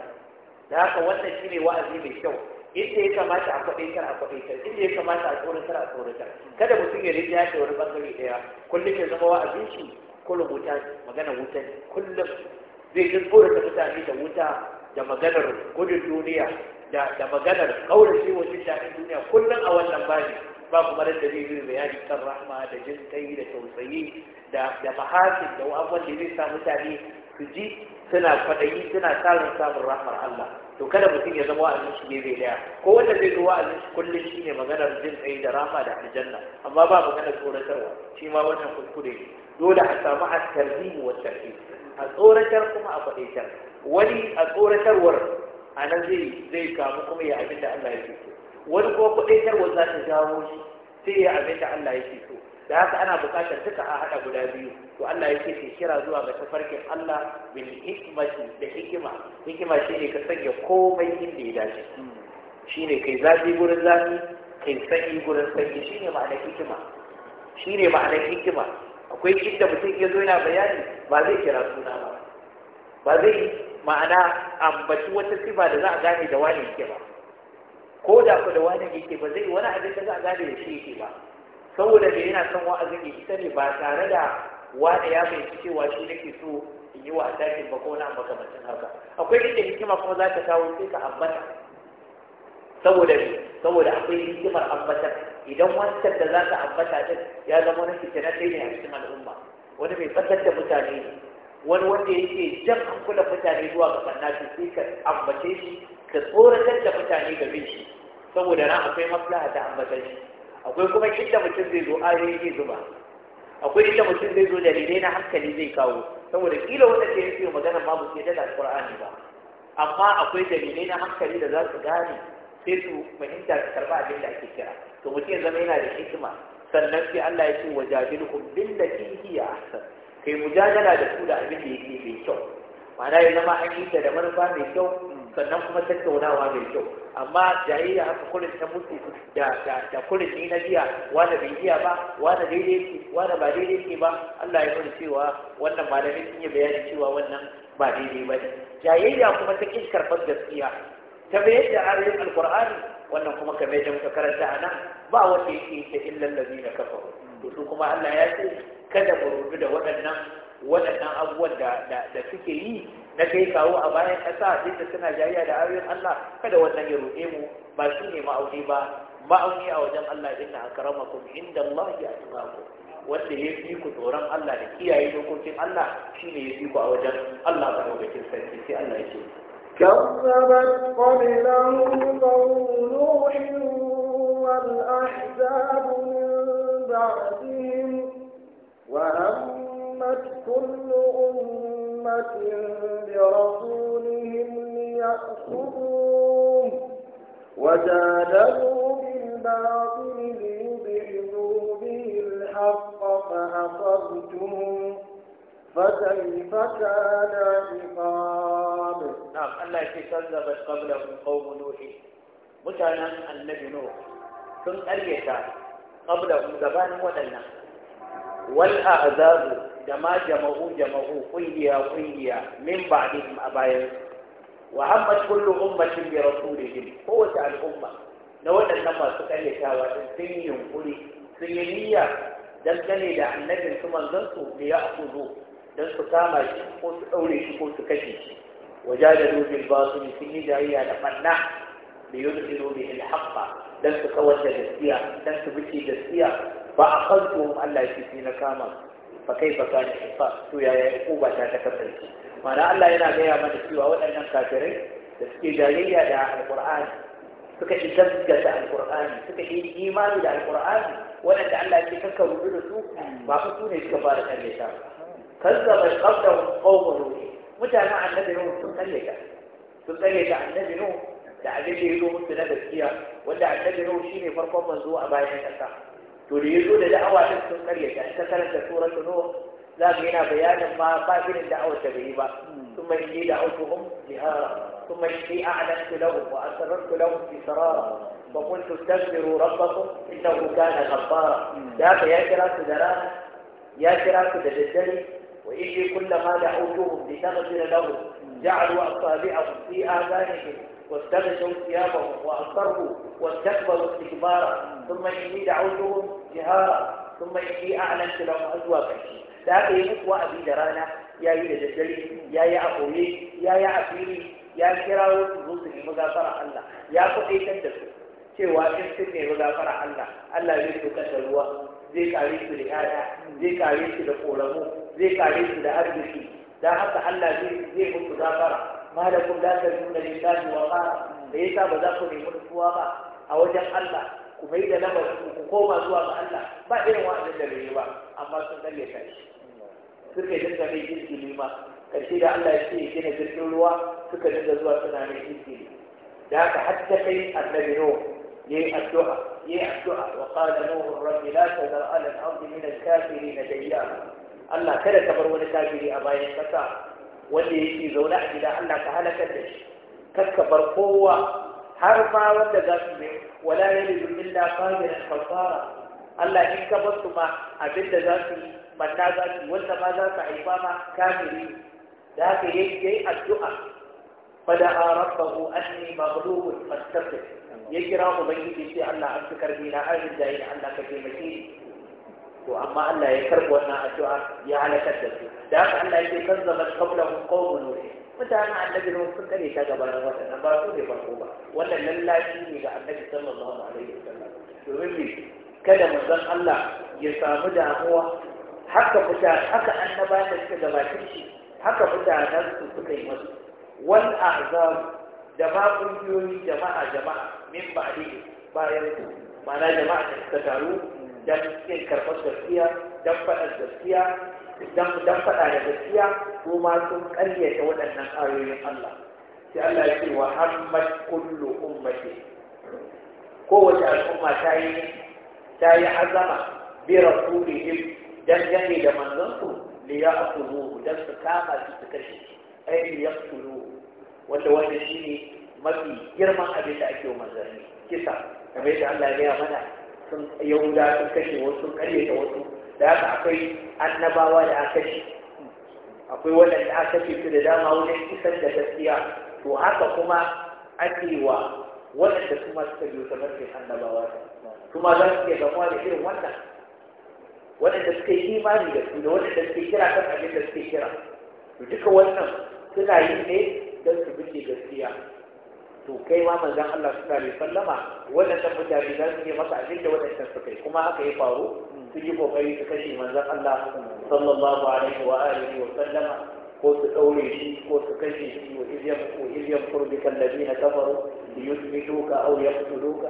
da haka wannan shine wa'azi mai kyau inda ya kamata a kwadaitar a kwadaitar inda ya kamata a tsoratar a tsoratar kada mutum ya rinja ya wani bangare daya kullum ya zama wa'azin shi kullum wuta magana wuta kullum zai ji tsorata mutane da wuta da maganar gudun duniya da da maganar kaura shi wajen shafin duniya kullum a wannan bayan ba kuma da zai bayani kan rahma da jin kai da tausayi da da mahasin da abubuwan da zai sa mutane su ji suna kwaɗayi suna tsarin samun rahmar Allah to kada mutum ya zama wa'azin shi ne bai daya ko wanda zai zo wa'azin shi kullum shi ne maganar jin kai da rahma da aljanna amma ba maganar tsoratarwa shi ma wannan kuskure dole a samu a wa at a tsoratar kuma a faɗaitar wani a tsoratarwar a nan zai zai kamu kuma ya abin da Allah yake so wani ko yarwa za ta jawo shi sai ya abin da Allah yake so da haka ana bukatar duka a haɗa guda biyu to Allah yake ke kira zuwa ga tafarkin Allah bil hikmati da hikima hikima shine ka sanya komai inda ya dace Shi ne kai zafi gurin zafi kai sanyi gurin sanyi ne ma'anar hikima ne ma'anar hikima akwai inda mutum ya zo yana bayani ba zai kira suna ba ba zai ma'ana ambaci wata sifa da za a gane da wani yake ba ko da ku da wani yake ba zai wani abin da za a gane da shi yake ba saboda da yana son wa ya ita ne ba tare da wani ya ci cewa shi nake so in yi wa attacking ba ko ambata ba makamancin haka akwai inda hikima kuma za ta kawo sai ka ambata saboda me saboda akwai hikimar ambata idan wancan da za ka ambata din ya zama wani fitina ne a cikin al'umma wani mai fatar da mutane ne wani wanda yake jan hankulan mutane zuwa ga fannatu sai ka ambace shi ka tsoratar da mutane game shi saboda na akwai maslaha ta ambata shi akwai kuma inda mutum zai zo ayo zai zuba akwai inda mutum zai zo dalilai na hankali zai kawo saboda kila wanda ke yake magana ma ba yi da Qur'ani ba amma akwai dalilai na hankali da za su gane sai su fahimta su karba abin da ake kira to mutum ya zama yana da hikima sannan sai Allah ya ce wajadilhum billati hiya ahsan kai mujadala da su da abin da yake mai kyau ma'ana ya zama an yi da manufa mai kyau sannan kuma tattaunawa mai kyau amma jayayya haka kurin ta mutu da da ni na biya wanda bai iya ba wanda daidai ke wanda ba daidai ke ba Allah ya wani cewa wannan malamin sun yi bayani cewa wannan ba daidai ba ne jayayya kuma ta kin karɓar gaskiya ta bayar da ayoyin alqur'ani wannan kuma kamar yadda muka karanta a nan ba wanda yake ta illal na kafa to su kuma Allah ya ce kada mu rubu da waɗannan waɗannan abubuwan da da suke yi na kai kawo a bayan ƙasa duk da suna jayayya da ayoyin Allah kada wannan ya ruɗe mu ba shi ne ma'auni ba ma'auni a wajen Allah inna akramakum inda Allah ya atqakum wanda ya fi ku tsoron Allah da kiyaye dokokin Allah shine ya fi ku a wajen Allah ba dokokin sarki sai Allah ya ce كذبت قبلهم قوم نوح والأحزاب من بعدهم وهمت كل أمة برسولهم ليأخذوه وجادلوا بالباطل ليبعدوا به الحق فأخذتهم فكيف كان عقاب نعم التي كذبت قبلهم قوم نوح متنا النبي نوح ثم أريتا قبلهم زبان ودنا Wal'a azabu, da ma jama'u jama'u kungiya kungiya min ba'dihim a bayan wa hammat kullu ummatin bi rasulihim kowace al'umma na waɗannan masu karyatawa din sun yi yunkuri sun yi niyya dangane da annabin su manzon su da ya akuzo dan su kama shi ko su daure shi ko su kashe shi wajadadu bil batil sun yi jayya da fanna da yudhilu bihi al haqqa dan su kawar da gaskiya dan su bice gaskiya fa akhadtuhum Allah ya ce na kama fa kaifa kana fa to ya yi uba ta ta kasance mana Allah yana gaya mana cewa waɗannan kafirai da suke jayayya da alqur'ani suka ci da alqur'ani suka yi imani da alqur'ani waɗanda Allah ya ce kanka rubu da su ba fa su ne suka fara kalleta kazzaba qablahum qawmun nuh mutanen annabi nuh sun ta? sun kalleta annabi nuh da abin da ya zo musu na gaskiya wanda annabi nuh shine farkon manzo a bayan kasa تريدون دعوة yazo da يعني ta سورة karyata in بيانا karanta suratul nur za ثم إني دعوتهم جهارا ثم إني أعلنت لهم وأسررت لهم في سرارة وقلت استغفروا ربكم إنه كان غفارا ذاك يا كراس دران يا كراس دجدني وإني كلما دعوتهم لتغفر لهم جعلوا أصابعهم في آذانهم واستغشوا ثيابهم وأصروا واستكبروا استكبارا ثم إني دعوتهم جهارا ثم إني أعلنت لهم أزواجي ذاكي مكوى أبي درانا يا إيدي جسلي يا يا أخوي يا يا أخيري يا كراو تزوطني مغافرة الله يا أخوي تندف شوى تنسلني مغافرة الله الله يريد كسلوة ذيك عريس لهذا ذيك عريس لقولمو ذيك عريس لأرجسي لا حتى حلا جيه قلت ذاكرة ما لكم لا تجون لله وقارا ليسا بذاكم يكون فواقا أوجه حلا كميدة لما تقوم أزوا بألا ما إن واحد إلا بيوا أما سنتم يشعي سركي جنسة في جنسة لما كالشيدة ألا يشتيه جنة جنسة لوا سركي جنسة زوا سنعني جنسة لما ذاك حتى في النبي نوح يه الدعاء يه الدعاء وقال نوح الرب لا تذر على الأرض من الكافرين ديارا Allah kada ka bar wani kafiri a bayan kasa wanda yake zaune a gida Allah ka halakar da shi kakka bar kowa har ma wanda za su mai wala yalidu illa fajiran fasara Allah in ka bar su ma abinda za su manna za su wanda ma za su haifa ma kafiri da haka yayi addu'a فدعا ربه أني مغلوب فاستغفر يجرى أبيدي في الله أنت كربينا أهل da Allah ka مكين to amma Allah ya karɓi wannan addu'a ya halaka da su da haka Allah ya ce kan zama kabla mun kawo mutanen annabi ne sun kare ta gaba nan ba su ne ko ba wannan lallashi ne ga annabi sallallahu alaihi wasallam domin me kada manzon Allah ya samu damuwa haka mutane haka annaba da suka gabatar shi haka mutanen su suka yi masu wal ahzab da ma kungiyoyi jama'a jama'a min ba'di bayan su ma'ana jama'a da suka taru dan kin karɓar gaskiya dan faɗa gaskiya dan faɗa da gaskiya ko ma sun ƙaryata waɗannan ayoyin Allah sai Allah ya ce wa hammat kullu ummati kowace al'umma ta yi ta yi azama bi rasulihim dangane da manzansu li ya'kuluhu dan su kama su su kashe ai li yaqtuluhu wanda wanda shine mafi girman abin da ake wa manzanni kisa kamar yadda Allah ya gaya mana sun yahuda sun kashe wasu sun karyata wasu da haka akwai annabawa da aka kashe akwai waɗanda aka kashe su da dama wajen kisan da gaskiya to haka kuma ake wa waɗanda su ma suka biyo kamar sai annabawa kuma za su iya gamuwa da irin wannan waɗanda suka yi imani da su da waɗanda suke kira kan abin da suke kira to duka wannan suna yi ne don su buke gaskiya to kai ma manzon Allah sallallahu alaihi wasallama waɗannan mutane za su yi masa abinda da waɗannan suka yi kuma aka yi faru su yi kokari su kashe manzon Allah sallallahu alaihi wa alihi wa sallama ko su ɗaure shi ko su kashe shi wa izyam ko izyam kurbika alladhina kafaru liyuthbituka aw yaqtuluka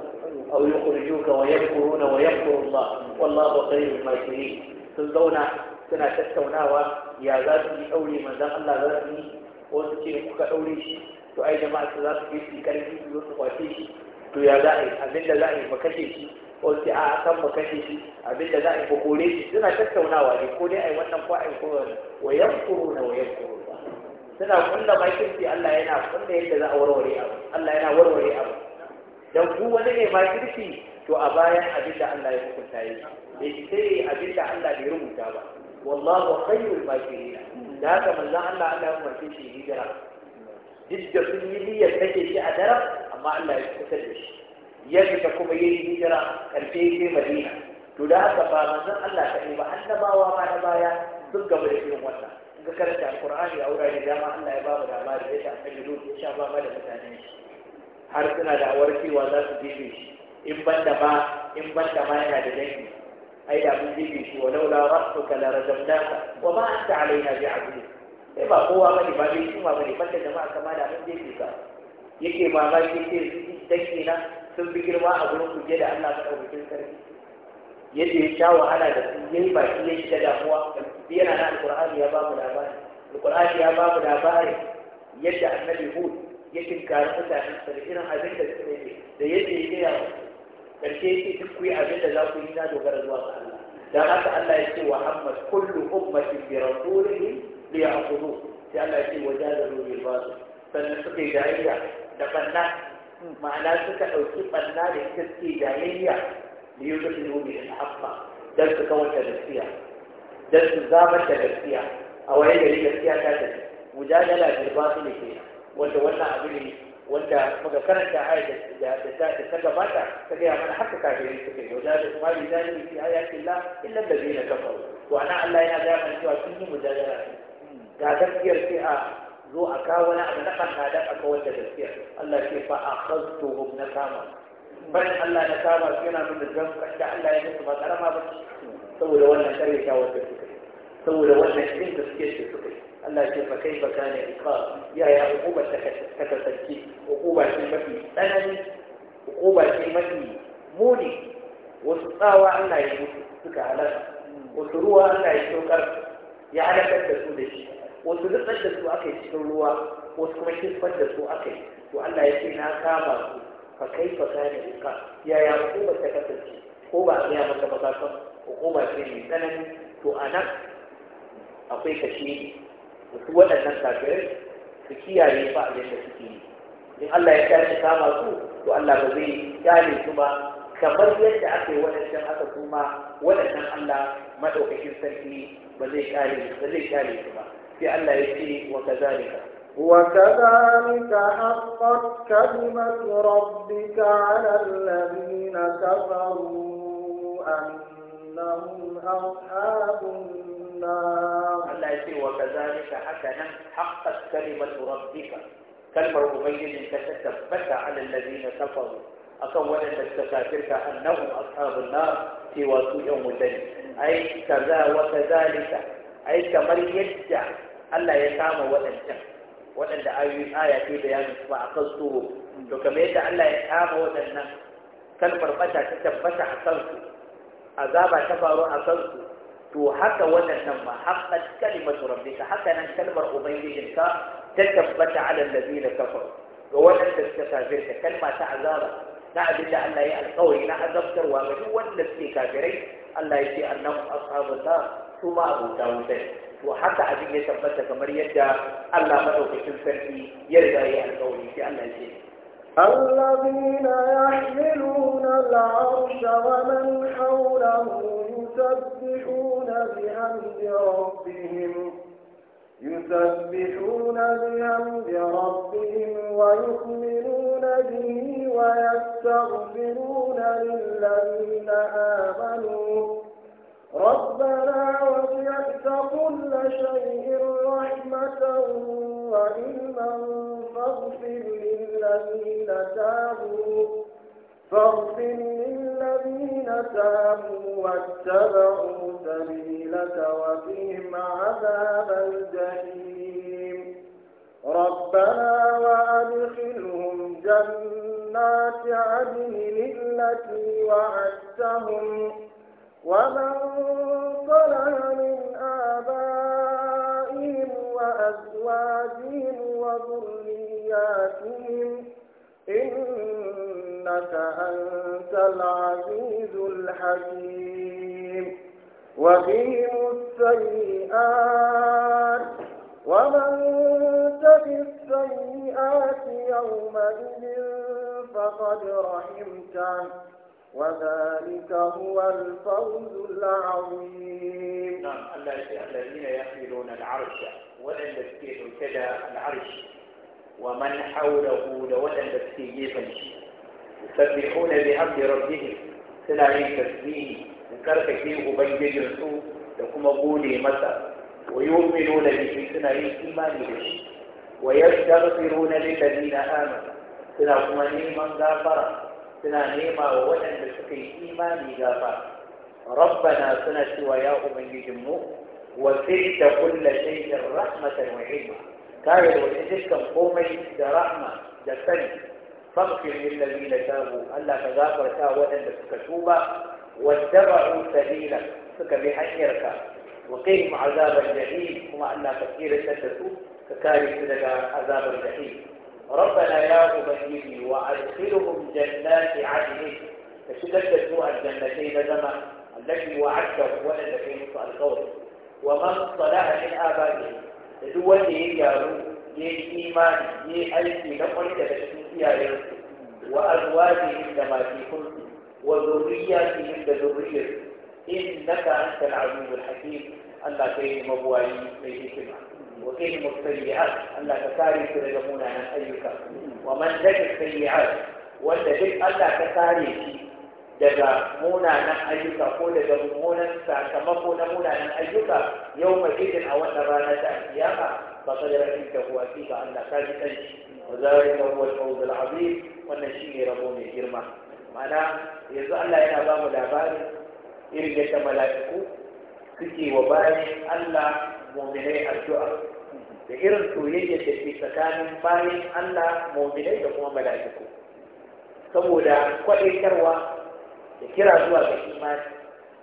aw yukhrijuka wa yamkuruna wa yamkuru Allah wallahu khayrul makirin sun zauna suna tattaunawa ya za su yi ɗaure manzon Allah za su yi ko su ce kuka ɗaure shi to ai jama'a su za su fi shi karfi su su kwace shi to ya za a yi abin da za a yi ba kashe shi ko sai a san ba kashe shi abin da za a yi ba kore shi suna tattaunawa ne ko dai a yi wannan ko a yi wani wayan kuro na wayan kuro ba suna kulla makirci Allah yana kunna yadda za a warware abu Allah yana warware abu dan ku wani ne makirci to a bayan abin da Allah ya hukunta yi ne sai abin da Allah bai rubuta ba wallahu khairul makirin da haka manzon Allah Allah ya umarce shi hijira duk sun yi niyyar take shi a daren amma Allah ya kusa da shi ya ta kuma yi hijira karfe sai Madina to da haka ba manzon Allah kaɗai ba annabawa ma na baya sun gaba da irin wannan in ka karanta alqur'ani a wurare dama Allah ya ba mu labari ya shafa jiru ya shafa ma da mutane har suna da awar za su jefe shi in da ba in da ma yana da dangi ai da mun jefe shi wa laula rabbuka la rajamnaka wa ma anta alaina bi'aziz sai ba kowa ba ne ba dai kuma ba ne banda jama'a kama da mun je ka yake mamaki ce dangi na sun fi girma a gurin ku, da Allah ka ɗaukakin sarki yadda ya sha wahala da su yayi baki ya shiga damuwa yana na alƙur'ani ya ba mu labari alƙur'ani ya ba mu labari yadda annabi hud ya tinkari mutane da irin abin da suka yi da yadda ya gaya karshe yake duk ku yi abin da za ku yi na dogara zuwa ga Allah dan haka Allah ya ce wa Muhammad kullu ummatin bi rasulihi liya kudu sai Allah ya ce waje da ruri ba su sannan suka yi da banna ma'ana suka ɗauki banna da suka ce jayayya da yi wani nuni da haɓɓa don su kawar da gaskiya su zamar da gaskiya a waye gari gaskiya ta tafi mujadala da ba su ne kenan wanda wannan abu ne wanda muka karanta aya da da ta gabata ta gaya mana haka ka gari suke yau da kuma bi da ni fi ayati Allah illa da zai na kafaru to ana Allah ya ga mana cewa sun yi mujadala ga gaskiyar sai a zo a kawo wani abu na kanta da aka wanda gaskiya Allah ce fa akhadtuhum na kama bayan Allah na kama su yana nuna jamkan da Allah ya musu ba karama ba saboda wannan kare ta wanda suka saboda wannan din da suke shi suka yi Allah ce fa kai baka ne iqa ya ya hukuma ta kasance hukuma ce mafi tsanani hukuma ce mafi muni wasu tsawa Allah ya musu suka halaka wasu ruwa Allah ya saukar ya halakar da su da shi wasu nutsar da su aka yi cikin ruwa wasu kuma shirfar da su aka yi to Allah ya ce na kama su ka kai fa da ka yaya ba ta kasance ko ba a gaya maka ba ka san ba ce mai tsanani to a nan akwai kashe wasu waɗannan kafirai su kiyaye ba abin da suke yi in Allah ya tashi kama su to Allah ba zai kyale su ba kamar yadda aka yi waɗancan aka kuma waɗannan Allah maɗaukakin sarki ba zai kyale su ba في الله وكذلك وكذلك حقت كلمة ربك على الذين كفروا أنهم أصحاب النار ألا يجيه وكذلك حسنا حقت كلمة ربك كلمة أبين تثبت على الذين كفروا أكون التكافرك أنهم أصحاب النار في سوء يوم أي كذا وكذلك أي كمن يدعي Allah ya kama waɗancan waɗanda ayoyi aya ce da yanin ba a kan tsoro to kamar yadda Allah ya kama waɗannan kalmar bata ta tabbata a kansu azaba ta faru a kansu to haka waɗannan ma haqqat kalimatu rabbika haka nan kalmar ubangijinka ta tabbata ala allazina kafaru ga waɗanda suka kafirta kalma ta azaba na abin da Allah ya alƙawari na azabtarwa ga duk wanda suke kafirai Allah ya ce annahum ashabun nar su ma abuta to haka abin ya tabbata kamar yadda Allah madaukakin sarki ya riga ya alƙawari sai Allah ya ce الذين يحملون العرش ومن حوله يسبحون بحمد ربهم يسبحون بحمد ربهم ويؤمنون به ويستغفرون للذين آمنوا ربنا وسعت كل شيء رحمة وعلما فاغفر للذين تابوا فاغفر للذين تابوا واتبعوا سبيلك وفيهم عذاب الجحيم ربنا وأدخلهم جنات عدن التي وعدتهم ومن طلع من آبائهم وأزواجهم وذرياتهم إنك أنت العزيز الحكيم وقهم السيئات ومن تك السيئات يومئذ فقد رحمته وذلك هو الفوز العظيم نعم الذين يحملون العرش ولن تسكيه كذا العرش ومن حوله لولن تسكيه فنشي يسبحون بحمد ربهم سلاعي تسبيه وكرك فيه بين جرسو لكم أقولي متى ويؤمنون به سلاعي إيمان بشي ويستغفرون للذين آمنوا سلاعي من ذا غافر suna nema wa waɗanda suka yi imani gafa rabbana suna cewa ya ubangijinmu wa da kulla shay'in rahmatan wa ilma kai da wani dukkan komai da rahma da sani faghfir lil ladina tabu Allah ka gafarta waɗanda suka tuba ba'u sabila suka bi hanyarka wa ma azabar jahim kuma Allah ka kira da su ka kare su daga azabar jahim ربنا يا أبنجي وأدخلهم جنات عدن فشدت الجوع الجنتين زمى التي وعدتهم ولد في نصف القول ومن صلاح من آبائهم لدول يجاروا يجي إيمان يجي أيدي فيها تبشمسي عليهم وأزواجهم لما في وذرياتي وذرياتهم لذرية إنك أنت العزيز الحكيم الله كريم أبوائي في حكمة وفيه مستجيعات أن لا تساري ترجمون عن أيك ومن ذلك السيئات وتجد أن لا تساري تجمون عن أيك قول تجمون فأتمقوا نمون عن أيك يوم جيد أو نرانة أحيانا فصدر فيك هو فيك أن لا تجد وذلك هو الفوز العظيم والنشيء ربون الجرمة معنا يزوء الله ينظام الأبان إرجة ملائكو كتي وباني أن لا مؤمنين الجؤر da irin soyayya da ke tsakanin bayan Allah mu'minai da kuma mala'iku saboda kwaɗaitarwa da kira zuwa ga imani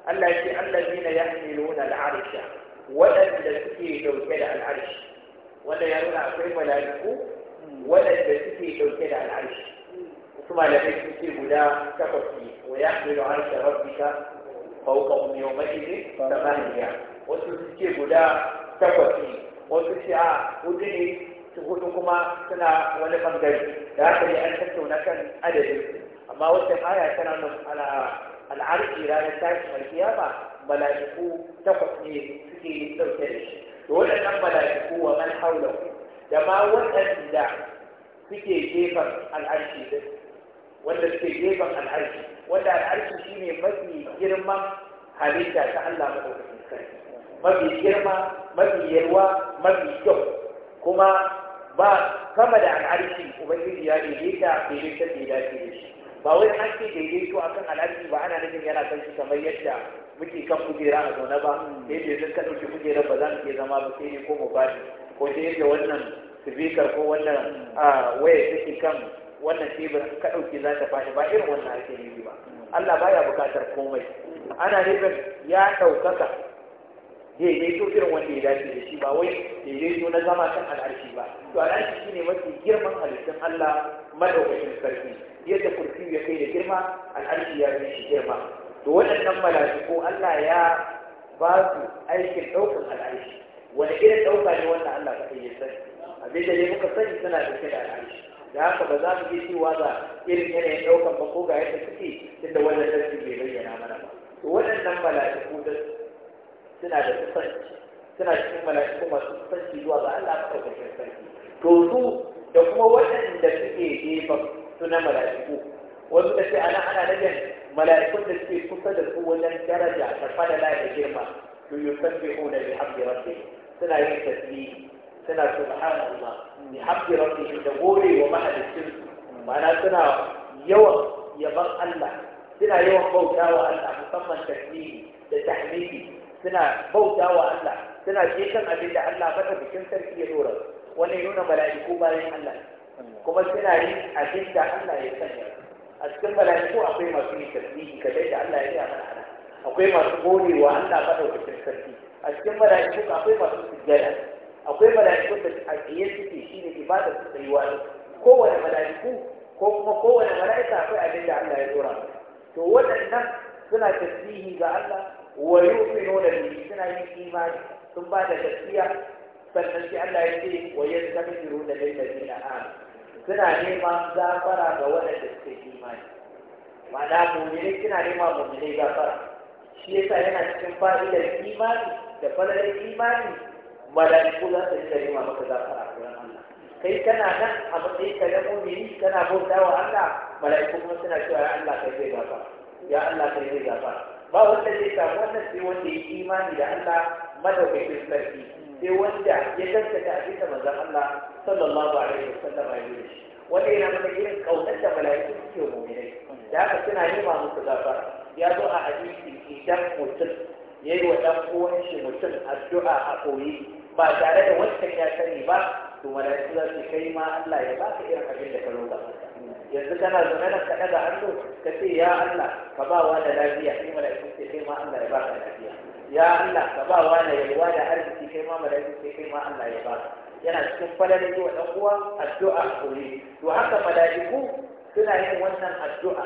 Allah ce allazina luna al'arsha waɗanda suke dauke da al'arshi wanda ya nuna akwai mala'iku waɗanda suke dauke da al'arshi wasu malamai sun ce guda takwas ne wa yahmilu arsha rabbika fawqahum yawma idin samaniya wasu sun ce guda takwas ne wasu ce a hudu ne su hudu kuma suna wani bangare da haka yi an tattauna kan adadin amma wata aya tana nuna al'arki ranar tashi mai kiyama mala'iku takwas ne suke ɗauke da shi to waɗannan mala'iku wa man haula da ma waɗanda suke gefen al'arki din wanda suke gefen al'arki wanda al'arki shine mafi girman halitta ta Allah madaukakin sarki mafi girma mafi yalwa mafi kyau kuma ba kama da al'arshi ubangiji ya daidaita daidaita ta dace da shi ba wai an ce daidaito akan al'arshi ba ana nufin yana kan shi kamar yadda muke kan kujera a zaune ba da yadda sun ka ɗauki kujera ba za mu ke zama ba sai ne ko mu bashi ko sai yadda wannan sifikar ko wannan waya take kan wannan tebur ka ɗauki za ta fashi ba irin wannan ake yi ba Allah baya buƙatar komai ana nufin ya ɗaukaka daidaito irin wanda ya dace da shi ba wai daidaito na zama kan al'arshi ba to al'arshi shine mafi girman halittun Allah madaukakin sarki yadda kurfi ya kai da girma al'arshi ya fi shi girma to waɗannan mala'iku Allah ya ba su aikin ɗaukar al'arshi wani irin ɗauka ne wanda Allah ka kai ya abin da ne muka sani suna ɗauke da al'arshi da haka ba za mu je cewa ga irin yanayin ɗaukar ba ko ga yadda suke tunda wannan darsi bai bayyana mana ba to waɗannan mala'iku da suna da kusanci suna cikin mala'iku masu kusanci zuwa ga Allah madaukakin sarki to su da kuma waɗanda suke gefen su na mala'iku wasu da ce ana ana nabin mala'ikun da suke kusa da su wajen daraja da fadala da girma to yusabbihu da bihamdi rabbihim suna yin tasbihi suna subhanallah bihamdi rabbihim da gode wa mahaliccin, mana suna yawan yaban Allah suna yawan bauta wa Allah musamman tasbihi da tahmidi suna bauta wa Allah suna je kan abin da Allah bata bikin sarki ya dora Wani nuna mala'iku bayan Allah kuma suna yi abin da Allah ya sanya a cikin mala'iku akwai masu yin tasbihi kadai da Allah ya yi mana ana akwai masu gode wa Allah bata bikin sarki a cikin mala'iku akwai masu sujjada akwai mala'iku da a tsaye suke shine ibada su tsayuwa kowane mala'iku ko kuma kowane mala'ika akwai abin da Allah ya dora to waɗannan suna tasbihi ga Allah wa yu'minuna bi suna yin imani sun ba da gaskiya sannan shi Allah ya ce wa yastaghfiruna lil ladina amanu suna neman zafara ga wanda suka yi imani ma'ana ne suna nema mummune zafara shi yasa yana cikin fa'idar imani da falalar imani malaiku za su yi nema maka zafara a wurin Allah kai kana nan a matsayin ka na mummuni kana bauta wa Allah malaiku kuma suna cewa ya Allah kai zai gafara ya Allah kai zai gafara ba wanda zai samu wannan sai wanda ya imani da Allah madaukakin sarki sai wanda ya gaskata a bisa manzon Allah sallallahu alaihi wasallam ya yi shi wanda yana mana irin kaunar da mala'iku suke mu'minai da haka suna yi ma musu gaba. ya zo a hadisi idan mutum ya yi wa ɗan uwan mutum addu'a a koyi ba tare da wancan ya sani ba to mala'iku za su kai ma Allah ya baka irin abin da ka roƙa masa yanzu kana zaune nan ka ɗaga hannu ka ce ya Allah ka ba wa da lafiya sai mala'iku ce kai ma Allah ya ba ka lafiya ya Allah ka ba wa da yalwa da arziki kai ma mala'iku ce kai ma Allah ya ba ka yana cikin falar yi wa ɗan uwa addu'a kuri to haka mala'iku suna yin wannan addu'a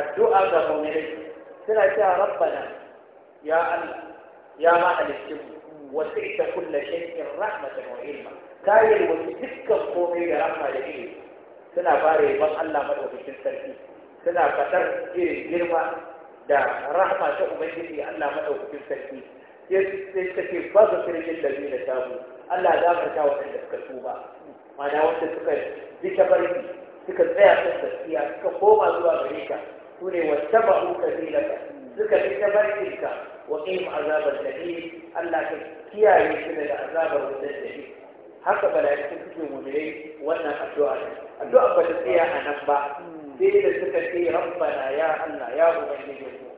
addu'a ga mu'minai suna cewa rabbana ya Allah ya ma haliccinmu wasi'ta kullu shay'in rahmatan wa ilma kayyar wasu dukkan komai da rahma da ilimi suna fara yaban Allah madaukakin sarki suna fatar irin girma da rahama ta ubangiji Allah madaukakin sarki sai ta ce ba su sirrin da zai da samu Allah za ya gafarta waɗanda suka tuba mana wanda suka bi ta barki suka tsaya kan gaskiya suka koma zuwa gare ka su ne wata ba'u kabilaka suka bi ta barkinka wa qim azabar jahim Allah ka kiyaye su daga azabar wajen jahim haka balaiku suke mumirai wannan addu'a ne addu'a ba ta tsaya a nan ba sai da suka ce rabbana ya Allah ya ubangiji mu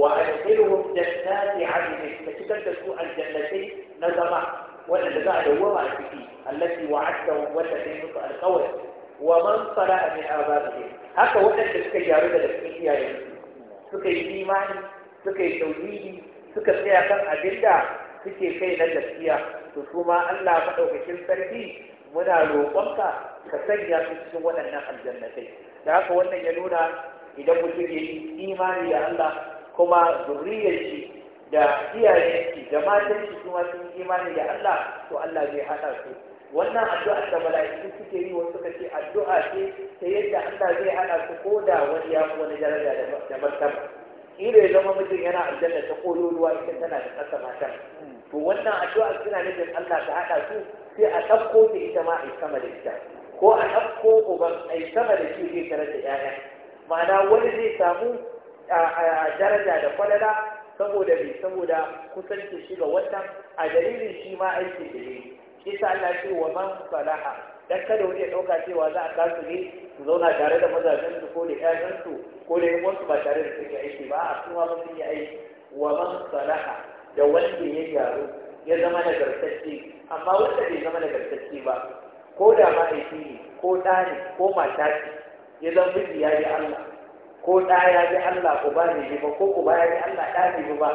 wa adkhilhum jannati adn ka cikar da su aljannatai na zama wanda za a dawwama a ciki allati wa'adtahum wanda kai musu alqawl wa man salaha min ababihim haka waɗanda suka gyaru daga cikin iyayensu suka yi imani suka yi tauhidi suka tsaya kan abinda suke kai na gaskiya to su ma Allah maɗaukakin sarki muna roƙonka ka sanya su cikin waɗannan aljannatai da haka wannan ya nuna idan mutum ya yi imani da Allah kuma zurriyar shi da iyayen shi da matan shi kuma sun yi imani da Allah to Allah zai haɗa su wannan addu'a da mala'iku suke yi wasu suka ce addu'a ce ta yadda Allah zai haɗa su ko da wani ya wani daraja da martaba ila ya zama mutum yana aljanna ta ruwa ita tana da ƙasa mata to wannan addu'a suna nufin Allah ta haɗa su sai a ɗauko ta ita ma a sama da ita ko a ɗauko uban a sama da shi zai tarar da ƴaƴa ma'ana wani zai samu daraja da kwalala saboda bai saboda kusanci shi ga wata a dalilin shi ma aiki da yi Isa Allah ce wa man salaha dan kada wani ya dauka cewa za a kasu ne su zauna tare da mazajen su ko da ƴaƴan su ko da yan su ba tare da suke aiki ba a kuma ba sun yi aiki wa man salaha da wanda ya gyaru ya zama gartacce amma wanda bai zama gartacce ba ko da ma aiki ne ko ɗa ne ko mata ce ya zama miji ya yi Allah ko ɗa ya yi Allah ko ba ne ba ko ba ya yi Allah ɗa ne ba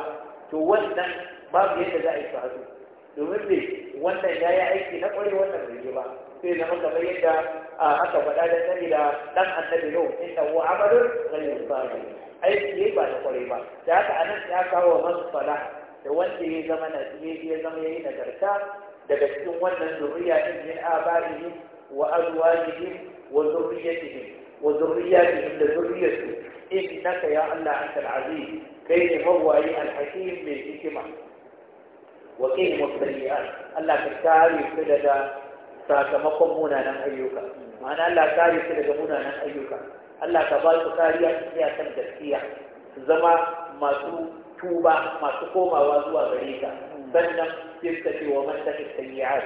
to wannan babu yadda za a yi su domin ne wannan ya yi aiki na ƙware wannan bai ba sai zama kamar yadda aka faɗa da sani da ɗan annabi yau inda wa amalin ghayr salih aiki yayi ba da ƙware ba da haka anan ya kawo masu fala da wanda ya zama na ya zama yayi nagarta daga cikin wannan zuriya ne a abarihim wa azwajihim wa zurriyatihim wa zurriyatihim da zurriyatu innaka ya Allah an kai ne mawwayi al mai hikima وكيف مصريات ألا تكاري سلجة ساتمكم منا نم أيوكا معنى الله تكاري سلجة منا نم أيوكا الله تبال تكاري يا سم جسية زما ما تو توبا ما تقوم وازوا غريكا بنا تستشي ومن تشي السيئات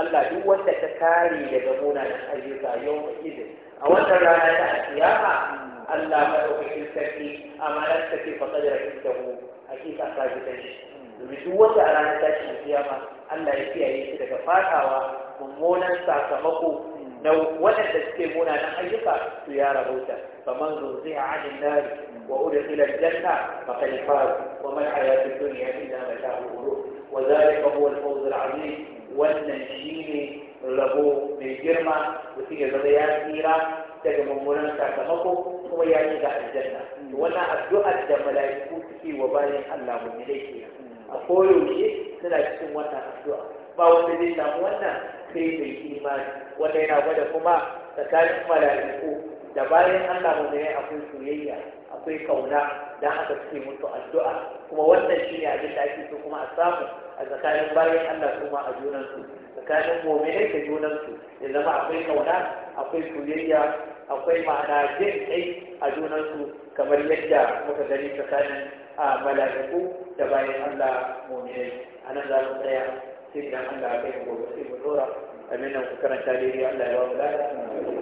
الله هو تكاري لجة منا نم أيوكا يوم إذن أولا رانا يا الله ما تكاري أمانتك فقدرك إنه أكيد أكاد تشي domin duk wanda a ranar tashin kiyama Allah ya kiyaye shi daga fatawa mummunan sakamako na waɗanda suke munanan ayyuka su ya rabauta faman zurziha anin nari wa udkhila aljanna faqad faz wa man hayatu dunya illa mata'ul ghurur wa dhalika huwa al-fawz al-'azim wannan shine rabo mai girma mutum ya zama ya tsira daga mummunan sakamako kuma ya shiga aljanna wannan addu'ar da mala'iku suke wa bayan Allah mu ne kenan a koyaushe suna cikin wannan addu'a ba wanda zai samu wannan sai mai imani wanda yana gwada kuma tsakanin mala'iku da bayan Allah mu ne akwai soyayya akwai kauna da aka suke mutu addu'a kuma wannan shine abin da ake so kuma a samu a tsakanin bayan Allah kuma a junansu tsakanin mu'minai da junansu ya zama akwai kauna akwai soyayya akwai ma'ana jin kai a junansu kamar yadda muka gani tsakanin a mala'iku da bayan Allah mu'minai anan za mu tsaya sai da Allah ya kai gobe sai mu dora amina ku karanta daidai Allah ya ba mu lada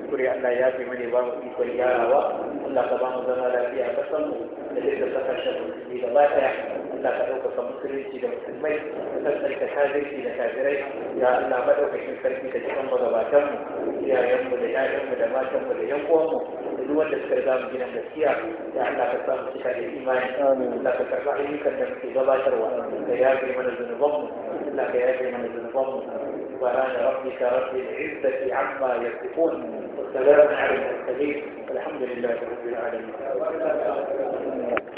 kuri Allah ya fi mani ba mu ikon gyarawa Allah ka ba mu zama lafiya a san mu da duk da saka shafi da ba ta Allah ka ɗaukaka musulunci da musulmai da tsarka kafirci da kafirai ya Allah maɗaukakin sarki da cikin iyayen mu da mu da matanmu da 'yan mu duk wanda suka riga mu gina gaskiya da Allah ka samu cika da imani Allah ka karɓa ayyukan da muke gabatarwa ka yafe mana zunubanmu Allah ka yafe mana zunubanmu سبحان ربك رب العزة عما يصفون وسلام على المرسلين والحمد لله رب العالمين